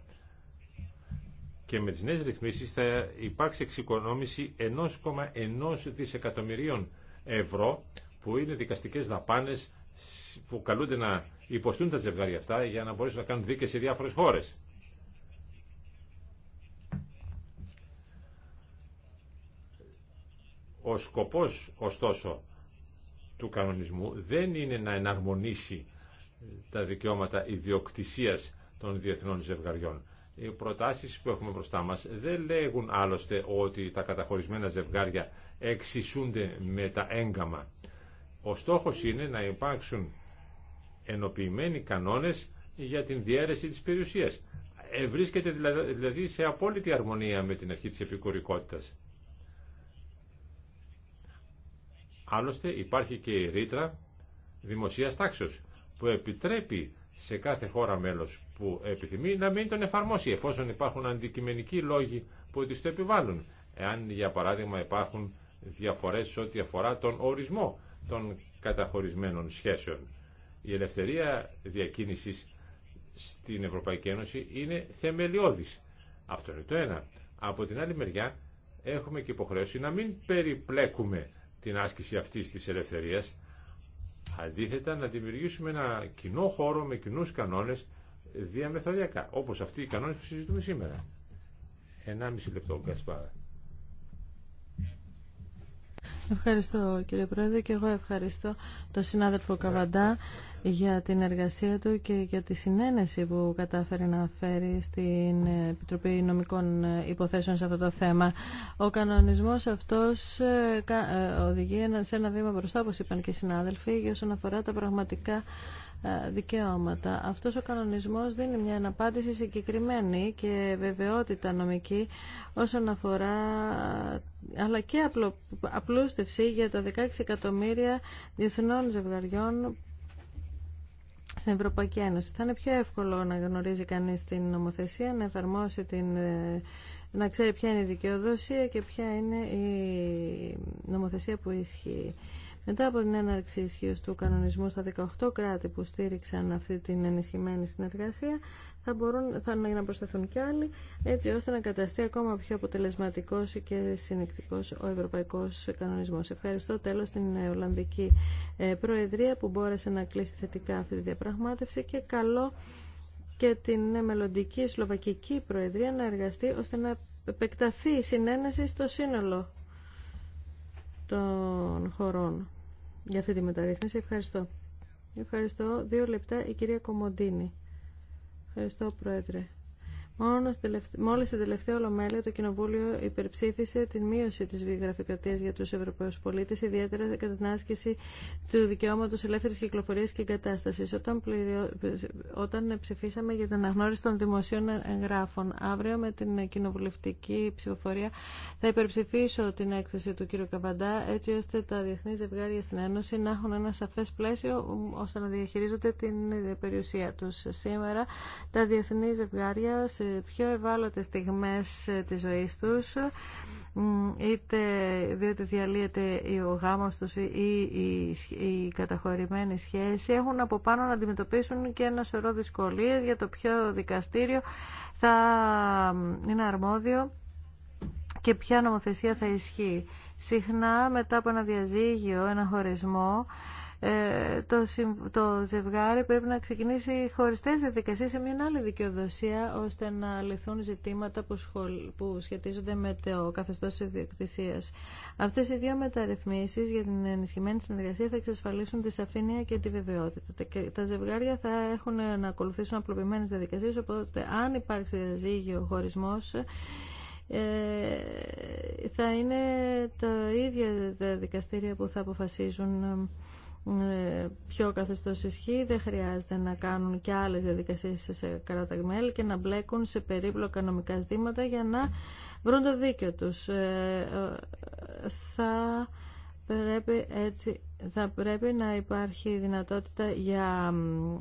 Speaker 3: και με τις νέες ρυθμίσεις θα υπάρξει εξοικονόμηση 1,1 δισεκατομμυρίων ευρώ που είναι δικαστικές δαπάνες που καλούνται να υποστούν τα ζευγάρια αυτά για να μπορέσουν να κάνουν δίκες σε διάφορες χώρες. Ο σκοπός, ωστόσο, του κανονισμού δεν είναι να εναρμονίσει τα δικαιώματα ιδιοκτησίας των διεθνών ζευγαριών. Οι προτάσεις που έχουμε μπροστά μας δεν λέγουν άλλωστε ότι τα καταχωρισμένα ζευγάρια εξισούνται με τα έγκαμα. Ο στόχος είναι να υπάρξουν ενοποιημένοι κανόνες για την διαίρεση της περιουσίας. Ε, βρίσκεται δηλαδή σε απόλυτη αρμονία με την αρχή της επικουρικότητας. Άλλωστε υπάρχει και η ρήτρα δημοσίας τάξεως που επιτρέπει σε κάθε χώρα μέλος που επιθυμεί να μην τον εφαρμόσει εφόσον υπάρχουν αντικειμενικοί λόγοι που τις το επιβάλλουν. Εάν για παράδειγμα υπάρχουν διαφορές σε ό,τι αφορά τον ορισμό των καταχωρισμένων σχέσεων. Η ελευθερία διακίνησης στην Ευρωπαϊκή Ένωση είναι θεμελιώδης. Αυτό είναι το ένα. Από την άλλη μεριά έχουμε και υποχρέωση να μην περιπλέκουμε την άσκηση αυτής της ελευθερίας Αντίθετα, να δημιουργήσουμε ένα κοινό χώρο με κοινού κανόνε διαμεθοριακά, όπω αυτοί οι κανόνε που συζητούμε σήμερα. 1,5 λεπτό, Γκασπάρα.
Speaker 2: Ευχαριστώ κύριε Πρόεδρε και εγώ ευχαριστώ τον συνάδελφο Καβαντά για την εργασία του και για τη συνένεση που κατάφερε να φέρει στην Επιτροπή Νομικών Υποθέσεων σε αυτό το θέμα. Ο κανονισμός αυτός ε, ε, οδηγεί σε ένα βήμα μπροστά, όπως είπαν και οι συνάδελφοι, για όσον αφορά τα πραγματικά ε, δικαιώματα. Αυτός ο κανονισμός δίνει μια αναπάντηση συγκεκριμένη και βεβαιότητα νομική όσον αφορά αλλά και απλούστευση για τα 16 εκατομμύρια διεθνών ζευγαριών στην Ευρωπαϊκή Ένωση. Θα είναι πιο εύκολο να γνωρίζει κανείς την νομοθεσία, να εφαρμόσει την να ξέρει ποια είναι η δικαιοδοσία και ποια είναι η νομοθεσία που ισχύει. Μετά από την έναρξη ισχύω του κανονισμού στα 18 κράτη που στήριξαν αυτή την ενισχυμένη συνεργασία, θα μπορούν θα να προσταθούν κι άλλοι, έτσι ώστε να καταστεί ακόμα πιο αποτελεσματικό και συνεκτικός ο Ευρωπαϊκό Κανονισμό. Ευχαριστώ τέλο την ε, Ολλανδική ε, Προεδρία που μπόρεσε να κλείσει θετικά αυτή τη διαπραγμάτευση και καλό και την ε, μελλοντική Σλοβακική Προεδρία να εργαστεί ώστε να επεκταθεί η συνένεση στο σύνολο των χωρών για αυτή τη μεταρρύθμιση. Ευχαριστώ. Ευχαριστώ. Δύο λεπτά η κυρία Κομοντίνη. Ευχαριστώ, Πρόεδρε. Μόλι Μόλις στην τελευταία ολομέλεια το Κοινοβούλιο υπερψήφισε την μείωση της γραφειοκρατίας για τους Ευρωπαίους πολίτες, ιδιαίτερα κατά την άσκηση του δικαιώματος ελεύθερης κυκλοφορίας και εγκατάστασης. Όταν, ψηφίσαμε για την αναγνώριση των δημοσίων εγγράφων, αύριο με την κοινοβουλευτική ψηφοφορία θα υπερψηφίσω την έκθεση του κ. Καβαντά, έτσι ώστε τα διεθνή ζευγάρια στην Ένωση να έχουν ένα σαφές πλαίσιο ώστε να διαχειρίζονται την περιουσία τους. Σήμερα τα διεθνή ζευγάρια πιο ευάλωτες στιγμές ε, της ζωής τους είτε διότι διαλύεται ο γάμος τους ή η καταχωρημένη σχέση έχουν από πάνω να αντιμετωπίσουν και ένα σωρό δυσκολίες για το ποιο δικαστήριο θα είναι αρμόδιο και ποια νομοθεσία θα ισχύει. Συχνά μετά από ένα διαζύγιο, ένα χωρισμό ε, το, το ζευγάρι πρέπει να ξεκινήσει χωριστές διαδικασίες σε μια άλλη δικαιοδοσία ώστε να λυθούν ζητήματα που, που σχετίζονται με το καθεστώς ιδιοκτησίας. Αυτές οι δύο μεταρρυθμίσεις για την ενισχυμένη συνεργασία θα εξασφαλίσουν τη σαφήνεια και τη βεβαιότητα. Τα ζευγάρια θα έχουν να ακολουθήσουν απλοποιημένες διαδικασίες οπότε αν υπάρξει ζύγιο χωρισμός ε, θα είναι τα ίδια τα δικαστήρια που θα αποφασίζουν ε, ε, πιο καθεστώς ισχύει, δεν χρειάζεται να κάνουν και άλλες διαδικασίες σε καραταγμέλ και να μπλέκουν σε περίπλοκα νομικά ζητήματα για να βρουν το δίκαιο τους. Ε, ε, θα πρέπει θα πρέπει να υπάρχει δυνατότητα για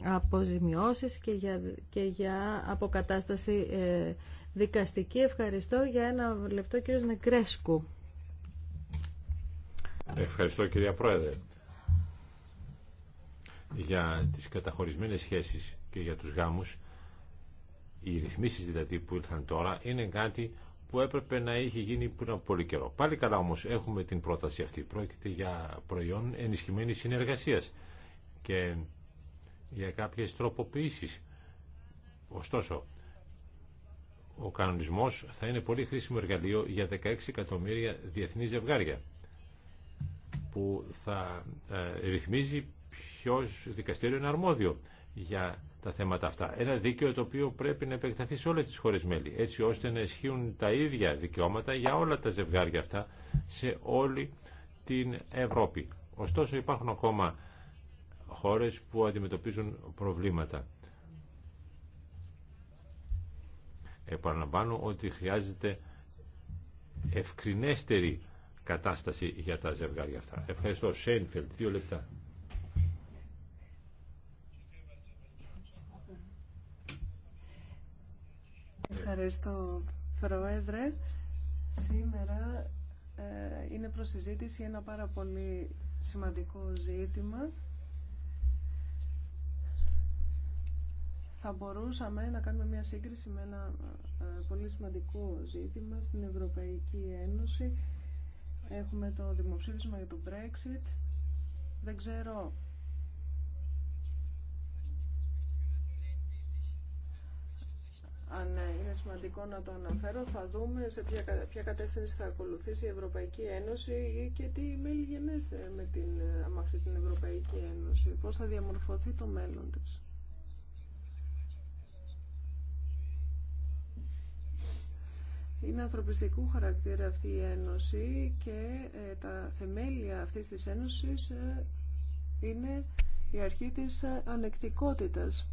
Speaker 2: αποζημιώσεις και για, και για αποκατάσταση δικαστική. Ευχαριστώ για ένα λεπτό κύριο Νεκρέσκου.
Speaker 3: Ευχαριστώ κυρία Πρόεδρε για τις καταχωρισμένες σχέσεις και για τους γάμους οι ρυθμίσεις δηλαδή που ήρθαν τώρα είναι κάτι που έπρεπε να είχε γίνει πριν από πολύ καιρό. Πάλι καλά όμως έχουμε την πρόταση αυτή. Πρόκειται για προϊόν ενισχυμένης συνεργασίας και για κάποιες τροποποιήσεις. Ωστόσο, ο κανονισμός θα είναι πολύ χρήσιμο εργαλείο για 16 εκατομμύρια διεθνή ζευγάρια που θα ε, ρυθμίζει ποιο δικαστήριο είναι αρμόδιο για τα θέματα αυτά. Ένα δίκαιο το οποίο πρέπει να επεκταθεί σε όλες τις χώρες μέλη, έτσι ώστε να ισχύουν τα ίδια δικαιώματα για όλα τα ζευγάρια αυτά σε όλη την Ευρώπη. Ωστόσο υπάρχουν ακόμα χώρες που αντιμετωπίζουν προβλήματα. Επαναλαμβάνω ότι χρειάζεται ευκρινέστερη κατάσταση για τα ζευγάρια αυτά. Ευχαριστώ. Σέινφελτ, δύο λεπτά.
Speaker 1: Ευχαριστώ, Πρόεδρε. Σήμερα ε, είναι προς συζήτηση ένα πάρα πολύ σημαντικό ζήτημα. Θα μπορούσαμε να κάνουμε μια σύγκριση με ένα ε, πολύ σημαντικό ζήτημα στην Ευρωπαϊκή Ένωση. Έχουμε το δημοψήφισμα για το Brexit. Δεν ξέρω αν είναι σημαντικό να το αναφέρω, θα δούμε σε ποια, κατεύθυνση θα ακολουθήσει η Ευρωπαϊκή Ένωση και τι μέλη γενέστε με, την, με αυτή την Ευρωπαϊκή Ένωση, πώς θα διαμορφωθεί το μέλλον της. Είναι ανθρωπιστικού χαρακτήρα αυτή η Ένωση και ε, τα θεμέλια αυτής της Ένωσης ε, είναι η αρχή της ε, ανεκτικότητας.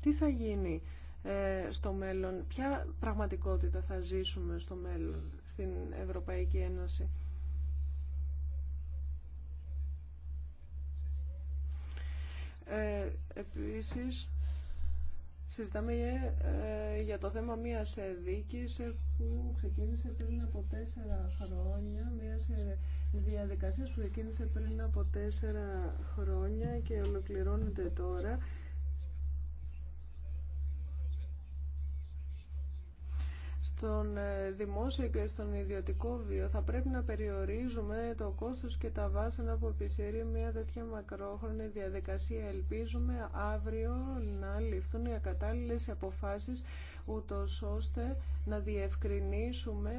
Speaker 1: Τι θα γίνει ε, στο μέλλον, ποια πραγματικότητα θα ζήσουμε στο μέλλον στην Ευρωπαϊκή Ένωση. Ε, επίσης, συζητάμε ε, για το θέμα μιας δίκης που ξεκίνησε πριν από τέσσερα χρόνια, μιας ε, διαδικασίας που ξεκίνησε πριν από τέσσερα χρόνια και ολοκληρώνεται τώρα. στον ε, δημόσιο και στον ιδιωτικό βίο θα πρέπει να περιορίζουμε το κόστος και τα βάσανα που επισύρει μια τέτοια μακρόχρονη διαδικασία. Ελπίζουμε αύριο να ληφθούν οι ακατάλληλες αποφάσεις ούτως ώστε να διευκρινίσουμε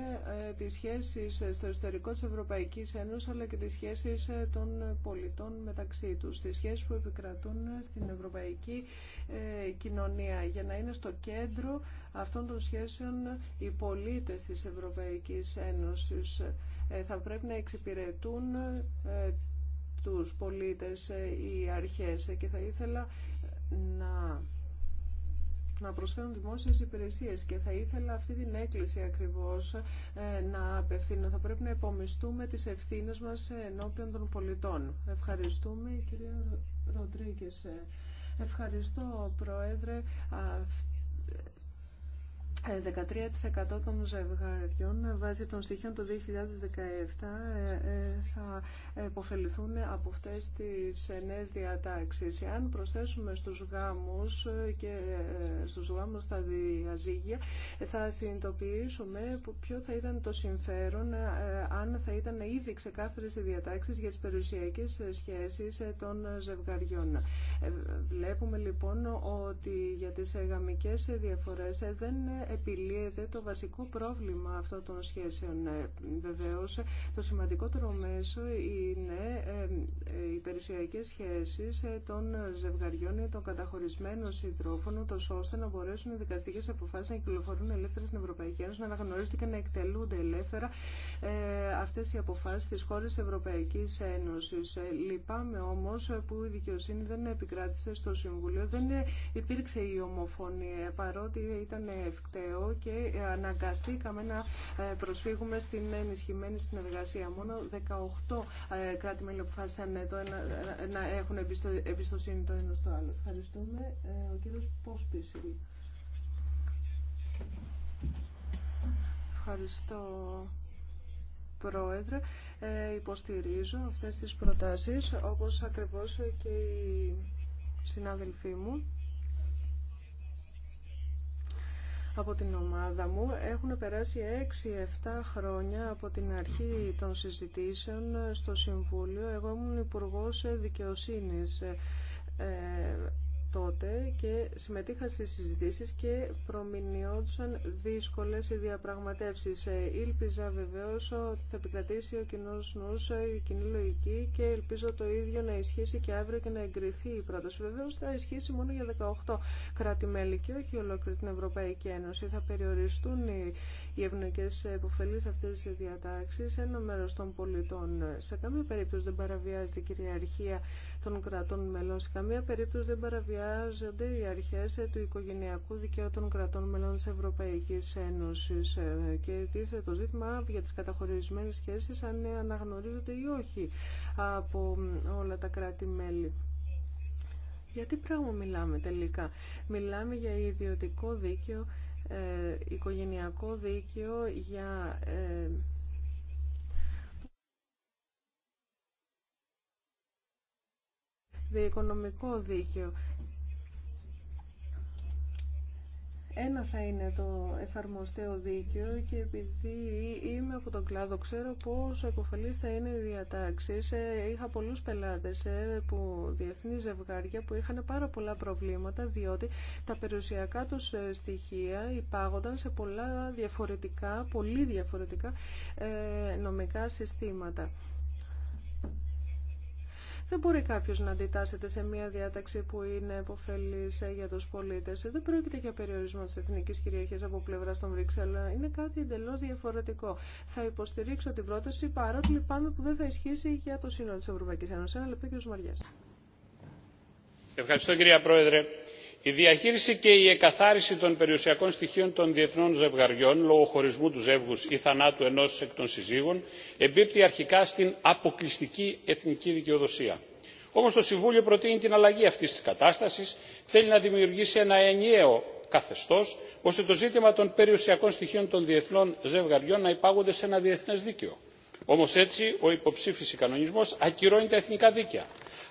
Speaker 1: ε, τις σχέσεις στο εσωτερικό της Ευρωπαϊκής Ένωσης αλλά και τις σχέσεις ε, των πολιτών μεταξύ τους, τις σχέσεις που επικρατούν στην ευρωπαϊκή ε, κοινωνία για να είναι στο κέντρο αυτών των σχέσεων οι πολίτες της Ευρωπαϊκής Ένωσης. Θα πρέπει να εξυπηρετούν τους πολίτες οι αρχές και θα ήθελα να να προσφέρουν δημόσιες υπηρεσίες και θα ήθελα αυτή την έκκληση ακριβώς ε, να απευθύνω. Θα πρέπει να υπομιστούμε τις ευθύνες μας ενώπιον των πολιτών. Ευχαριστούμε κυρία Ροντρίγκε. Ε, ευχαριστώ Πρόεδρε 13% ε, των ζευγαριών ε, βάσει των στοιχείων του 2017 ε, θα υποφεληθούν από αυτές τις νέες διατάξεις. Εάν προσθέσουμε στους γάμους και στους γάμους τα διαζύγια θα συνειδητοποιήσουμε ποιο θα ήταν το συμφέρον αν θα ήταν ήδη ξεκάθαρες οι διατάξεις για τις περιουσιακές σχέσεις των ζευγαριών. Βλέπουμε λοιπόν ότι για τις γαμικές διαφορές δεν επιλύεται το βασικό πρόβλημα αυτών των σχέσεων. Ε, Βεβαίω, το σημαντικότερο μέσο είναι ε, ε, οι περιουσιακέ σχέσεις των ζευγαριών ή των καταχωρισμένων συντρόφων, ώστε να μπορέσουν οι δικαστικές αποφάσεις να κυκλοφορούν ελεύθερα στην Ευρωπαϊκή Ένωση, να αναγνωρίζονται και να εκτελούνται ελεύθερα αυτές οι αποφάσεις στις χώρες Ευρωπαϊκής Ένωσης. Λυπάμαι όμως που η δικαιοσύνη δεν επικράτησε στο Συμβουλίο, δεν υπήρξε η ομοφωνία, παρότι ήταν ευκαιρία. Θεό και αναγκαστήκαμε να ε, προσφύγουμε στην ενισχυμένη συνεργασία. Μόνο 18 ε, κράτη-μέλη αποφάσισαν ε, να έχουν εμπιστοσύνη το ένα στο άλλο. Ευχαριστούμε. Ο κύριος Πόσπης. Ευχαριστώ. Πρόεδρε, υποστηρίζω αυτές τις προτάσεις, όπως ακριβώς και οι συνάδελφοί μου. από την ομάδα μου. Έχουν περάσει 6-7 χρόνια από την αρχή των συζητήσεων στο Συμβούλιο. Εγώ ήμουν υπουργό δικαιοσύνη ε, τότε και συμμετείχαν στις συζητήσεις και προμηνιόντουσαν δύσκολες οι διαπραγματεύσεις. Ε, ήλπιζα βεβαίως ότι θα επικρατήσει ο κοινός νους, ε, η κοινή λογική και ελπίζω το ίδιο να ισχύσει και αύριο και να εγκριθεί η πρόταση. Βεβαίως θα ισχύσει μόνο για 18 κράτη-μέλη και όχι ολόκληρη την Ευρωπαϊκή Ένωση. Θα περιοριστούν οι οι ευνοϊκέ υποφελεί αυτέ τι διατάξει σε ένα μέρο των πολιτών. Σε καμία περίπτωση δεν παραβιάζεται η κυριαρχία των κρατών μελών. Σε καμία περίπτωση δεν παραβιάζονται οι αρχέ του οικογενειακού δικαίου των κρατών μελών τη Ευρωπαϊκή Ένωση. Ε, και τίθεται το ζήτημα για τι καταχωρισμένε σχέσει αν ε, αναγνωρίζονται ή όχι από όλα τα κράτη-μέλη. τι πράγμα μιλάμε τελικά. Μιλάμε για ιδιωτικό δίκαιο ε, οικογενειακό δίκαιο για διοικονομικό ε, δίκαιο. Ένα θα είναι το εφαρμοστέο δίκαιο και επειδή είμαι από τον κλάδο ξέρω πόσο επωφελείς θα είναι οι διατάξεις. Ε, είχα πολλούς πελάτες ε, που διεθνεί ζευγάρια που είχαν πάρα πολλά προβλήματα διότι τα περιουσιακά τους ε, στοιχεία υπάγονταν σε πολλά διαφορετικά, πολύ διαφορετικά νομικά συστήματα. Δεν μπορεί κάποιος να αντιτάσσεται σε μια διάταξη που είναι επωφελής ε, για τους πολίτες. Δεν πρόκειται για περιορισμό της εθνικής κυριαρχίας από πλευρά των Βρυξέλλων. Είναι κάτι εντελώς διαφορετικό. Θα υποστηρίξω την πρόταση παρότι λυπάμαι που δεν θα ισχύσει για το σύνολο της Ευρωπαϊκής Ένωσης. Ένα λεπτό κύριος Μαριάς.
Speaker 5: Ευχαριστώ κυρία Πρόεδρε η διαχείριση και η εκαθάριση των περιουσιακών στοιχείων των διεθνών ζευγαριών λόγω χωρισμού του ζεύγου ή θανάτου ενό εκ των συζύγων εμπίπτει αρχικά στην αποκλειστική εθνική δικαιοδοσία. όμω το συμβούλιο προτείνει την αλλαγή αυτή τη κατάσταση θέλει να δημιουργήσει ένα ενιαίο καθεστώ ώστε το ζήτημα των περιουσιακών στοιχείων των διεθνών ζευγαριών να υπάγονται σε ένα διεθνέ δίκαιο. Όμως έτσι ο υποψήφιος κανονισμός ακυρώνει τα εθνικά δίκαια.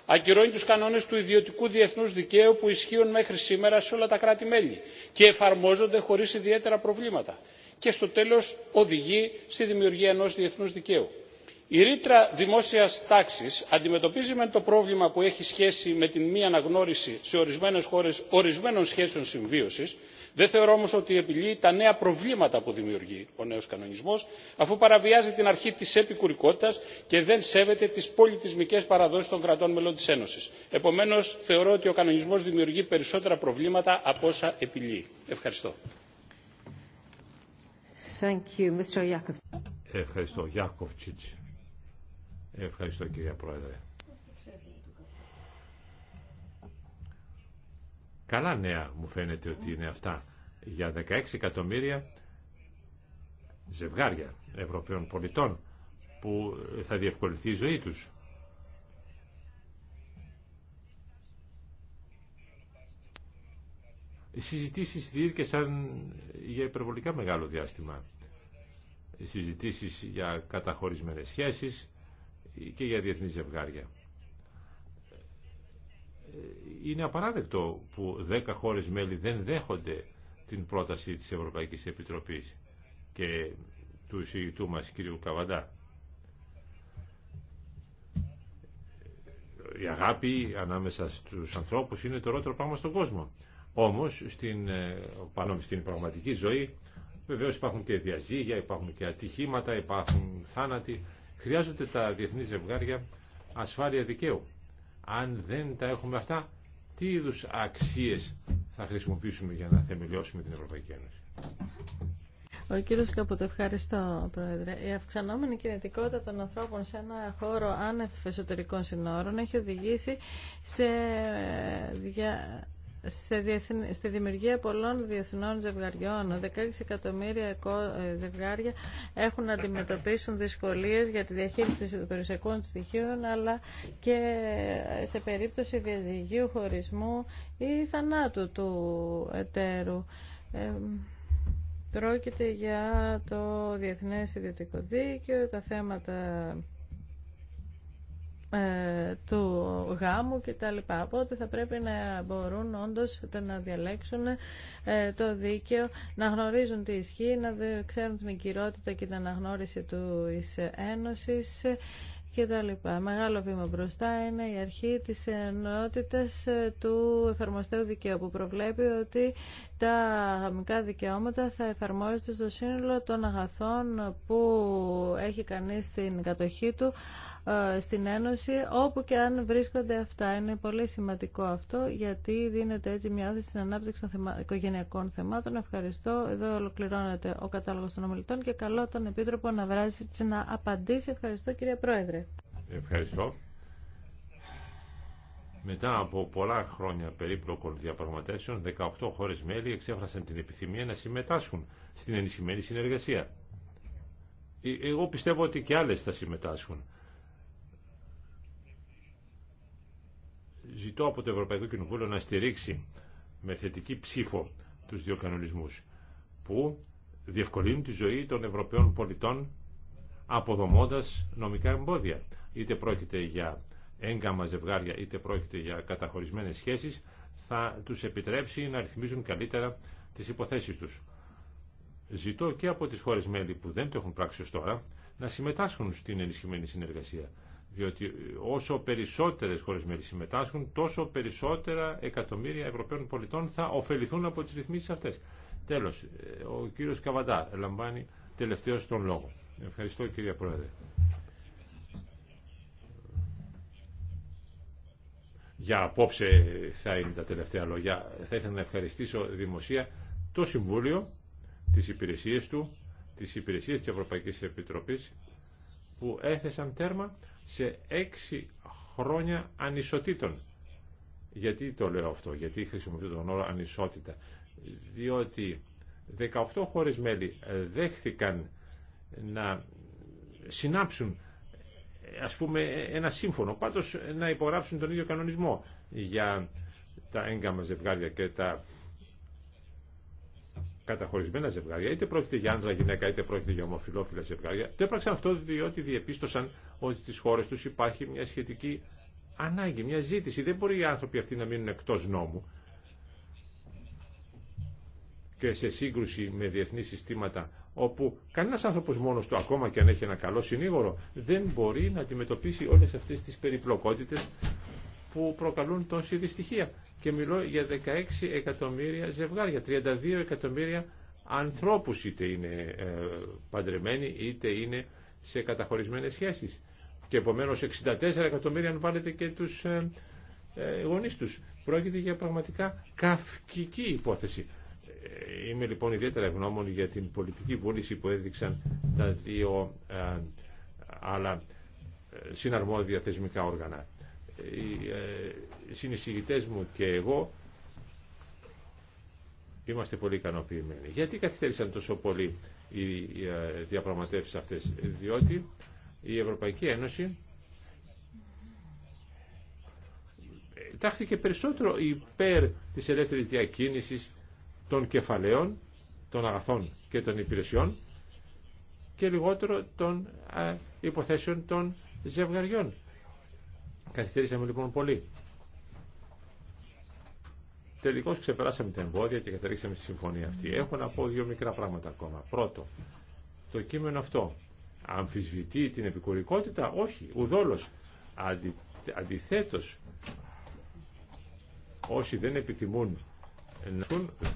Speaker 5: Ακυρώνει τους κανόνες του ιδιωτικού διεθνούς δικαίου που ισχύουν μέχρι σήμερα σε όλα τα κράτη-μέλη και εφαρμόζονται χωρίς ιδιαίτερα προβλήματα. Και στο τέλος οδηγεί στη δημιουργία ενός διεθνούς δικαίου η ρήτρα δημόσια τάξη αντιμετωπίζει με το πρόβλημα που έχει σχέση με την μη αναγνώριση σε ορισμένε χώρε ορισμένων σχέσεων συμβίωση δεν θεωρώ όμω ότι επιλύει τα νέα προβλήματα που δημιουργεί ο νέο κανονισμό αφού παραβιάζει την αρχή τη επικουρικότητα και δεν σέβεται τι πολιτισμικέ παραδόσει των κρατών μελών τη ένωση. επομένω θεωρώ ότι ο κανονισμό δημιουργεί περισσότερα προβλήματα από όσα επιλύει. ευχαριστώ.
Speaker 2: Thank you, Mr.
Speaker 3: Ευχαριστώ. Ευχαριστώ κυρία Πρόεδρε. Καλά νέα μου φαίνεται ότι είναι αυτά για 16 εκατομμύρια ζευγάρια Ευρωπαίων πολιτών που θα διευκολυνθεί η ζωή τους. Οι συζητήσεις διήρκεσαν για υπερβολικά μεγάλο διάστημα. Οι συζητήσεις για καταχωρισμένες σχέσεις, και για διεθνή ζευγάρια. Είναι απαράδεκτο που 10 χώρες μέλη δεν δέχονται την πρόταση της Ευρωπαϊκής Επιτροπής και του εισηγητού μας κύριου Καβαντά. Η αγάπη ανάμεσα στους ανθρώπους είναι το ρότερο πράγμα στον κόσμο. Όμως, στην, ε, πάνω στην πραγματική ζωή, βεβαίως υπάρχουν και διαζύγια, υπάρχουν και ατυχήματα, υπάρχουν θάνατοι. Χρειάζονται τα διεθνή ζευγάρια ασφάλεια δικαίου. Αν δεν τα έχουμε αυτά, τι είδου αξίε θα χρησιμοποιήσουμε για να θεμελιώσουμε την Ευρωπαϊκή Ένωση.
Speaker 2: Ο κύριο Καπούτο, ευχαριστώ Πρόεδρε. Η αυξανόμενη κινητικότητα των ανθρώπων σε ένα χώρο άνευ εσωτερικών συνόρων έχει οδηγήσει σε στη δημιουργία πολλών διεθνών ζευγαριών. 16 εκατομμύρια ε, ζευγάρια έχουν να αντιμετωπίσουν δυσκολίες για τη διαχείριση των περιουσιακών στοιχείων, αλλά και σε περίπτωση διαζυγίου, χωρισμού ή θανάτου του εταίρου. Πρόκειται για το διεθνές ιδιωτικό δίκαιο, τα θέματα ε, του γάμου λοιπά. Οπότε θα πρέπει να μπορούν όντως να διαλέξουν ε, το δίκαιο, να γνωρίζουν τι ισχύει, να ξέρουν την κυριότητα και την αναγνώριση του Ένωσης και τα λοιπά. Μεγάλο βήμα μπροστά είναι η αρχή της ενότητας ε, του εφαρμοστέου δικαίου που προβλέπει ότι τα γαμικά δικαιώματα θα εφαρμόζονται στο σύνολο των αγαθών που έχει κανείς στην κατοχή του ε, στην Ένωση όπου και αν βρίσκονται αυτά. Είναι πολύ σημαντικό αυτό γιατί δίνεται έτσι μια άθεση στην ανάπτυξη των οικογενειακών θεμάτων. Ευχαριστώ. Εδώ ολοκληρώνεται ο κατάλογος των ομιλητών και καλό τον Επίτροπο να, βράσει, να απαντήσει. Ευχαριστώ κύριε Πρόεδρε.
Speaker 3: Ευχαριστώ. Μετά από πολλά χρόνια περίπλοκων διαπραγματεύσεων, 18 χώρε μέλη εξέφρασαν την επιθυμία να συμμετάσχουν στην ενισχυμένη συνεργασία. Ε, εγώ πιστεύω ότι και άλλε θα συμμετάσχουν. ζητώ από το Ευρωπαϊκό Κοινοβούλιο να στηρίξει με θετική ψήφο τους δύο κανονισμούς που διευκολύνουν τη ζωή των Ευρωπαίων πολιτών αποδομώντας νομικά εμπόδια. Είτε πρόκειται για έγκαμα ζευγάρια είτε πρόκειται για καταχωρισμένες σχέσεις θα τους επιτρέψει να ρυθμίζουν καλύτερα τις υποθέσεις τους. Ζητώ και από τις χώρες μέλη που δεν το έχουν πράξει ως τώρα να συμμετάσχουν στην ενισχυμένη συνεργασία διότι όσο περισσότερες χώρες μέλη συμμετάσχουν, τόσο περισσότερα εκατομμύρια Ευρωπαίων πολιτών θα ωφεληθούν από τις ρυθμίσεις αυτές. Τέλος, ο κύριος Καβαντά λαμβάνει τελευταίος τον λόγο. Ευχαριστώ κύριε Πρόεδρε. Για απόψε θα είναι τα τελευταία λόγια. Θα ήθελα να ευχαριστήσω δημοσία το Συμβούλιο, τις υπηρεσίες του, τις υπηρεσίες της Ευρωπαϊκής Επιτροπής που έθεσαν τέρμα σε έξι χρόνια ανισοτήτων. Γιατί το λέω αυτό, γιατί χρησιμοποιώ τον όρο ανισότητα. Διότι 18 χώρες μέλη δέχθηκαν να συνάψουν ας πούμε ένα σύμφωνο, πάντως να υπογράψουν τον ίδιο κανονισμό για τα έγκαμα ζευγάρια και τα καταχωρισμένα ζευγάρια, είτε πρόκειται για άντρα γυναίκα, είτε πρόκειται για ομοφυλόφιλα ζευγάρια, το έπραξαν αυτό διότι διεπίστωσαν ότι στις χώρες τους υπάρχει μια σχετική ανάγκη, μια ζήτηση. Δεν μπορεί οι άνθρωποι αυτοί να μείνουν εκτός νόμου και σε σύγκρουση με διεθνή συστήματα όπου κανένας άνθρωπος μόνος του ακόμα και αν έχει ένα καλό συνήγορο δεν μπορεί να αντιμετωπίσει όλες αυτές τις περιπλοκότητες που προκαλούν τόση δυστυχία. Και μιλώ για 16 εκατομμύρια ζευγάρια, 32 εκατομμύρια ανθρώπους είτε είναι ε, παντρεμένοι είτε είναι σε καταχωρισμένες σχέσεις. Και επομένως 64 εκατομμύρια αν βάλετε και τους ε, ε, γονείς τους. Πρόκειται για πραγματικά καυκική υπόθεση. Ε, είμαι λοιπόν ιδιαίτερα ευγνώμων για την πολιτική βούληση που έδειξαν τα δύο ε, άλλα ε, συναρμόδια θεσμικά όργανα. Οι ε, μου και εγώ είμαστε πολύ ικανοποιημένοι. Γιατί καθυστέρησαν τόσο πολύ οι διαπραγματεύσεις αυτές, διότι η Ευρωπαϊκή Ένωση τάχθηκε περισσότερο υπέρ της ελεύθερης διακίνησης των κεφαλαίων, των αγαθών και των υπηρεσιών και λιγότερο των υποθέσεων των ζευγαριών. Καθυστερήσαμε λοιπόν πολύ. Τελικώς ξεπεράσαμε τα εμπόδια και καταλήξαμε τη συμφωνία αυτή. Έχω να πω δύο μικρά πράγματα ακόμα. Πρώτο, το κείμενο αυτό αμφισβητεί την επικουρικότητα, όχι, ουδόλως. Αντι, αντιθέτως, όσοι δεν επιθυμούν να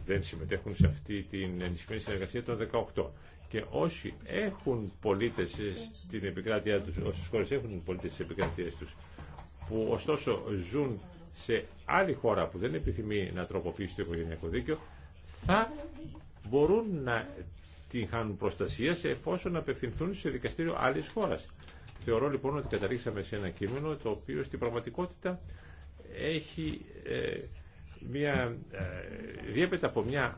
Speaker 3: δεν συμμετέχουν σε αυτή την ενισχυμένη συνεργασία των 18. Και όσοι έχουν πολίτες στην επικράτειά τους, όσες χώρες έχουν πολίτες στις επικράτειές τους, που ωστόσο ζουν σε άλλη χώρα που δεν επιθυμεί να τροποποιήσει το οικογενειακό δίκαιο, θα μπορούν να την χάνουν προστασία σε εφόσον απευθυνθούν σε δικαστήριο άλλη χώρα. Θεωρώ λοιπόν ότι καταλήξαμε σε ένα κείμενο το οποίο στην πραγματικότητα έχει ε, μια, ε, διέπεται από μια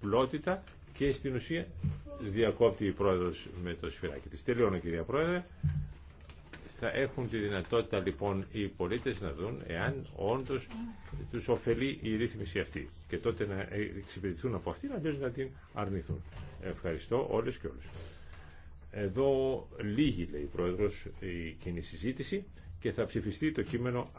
Speaker 3: απλότητα και στην ουσία διακόπτει η πρόεδρος με το σφυράκι της. Τελειώνω κυρία Πρόεδρε. Θα έχουν τη δυνατότητα λοιπόν οι πολίτες να δουν εάν όντως τους ωφελεί η ρύθμιση αυτή και τότε να εξυπηρετηθούν από αυτήν, αλλιώς να την αρνηθούν. Ευχαριστώ όλες και όλους. Εδώ λίγη λέει η Πρόεδρος η κοινή συζήτηση και θα ψηφιστεί το κείμενο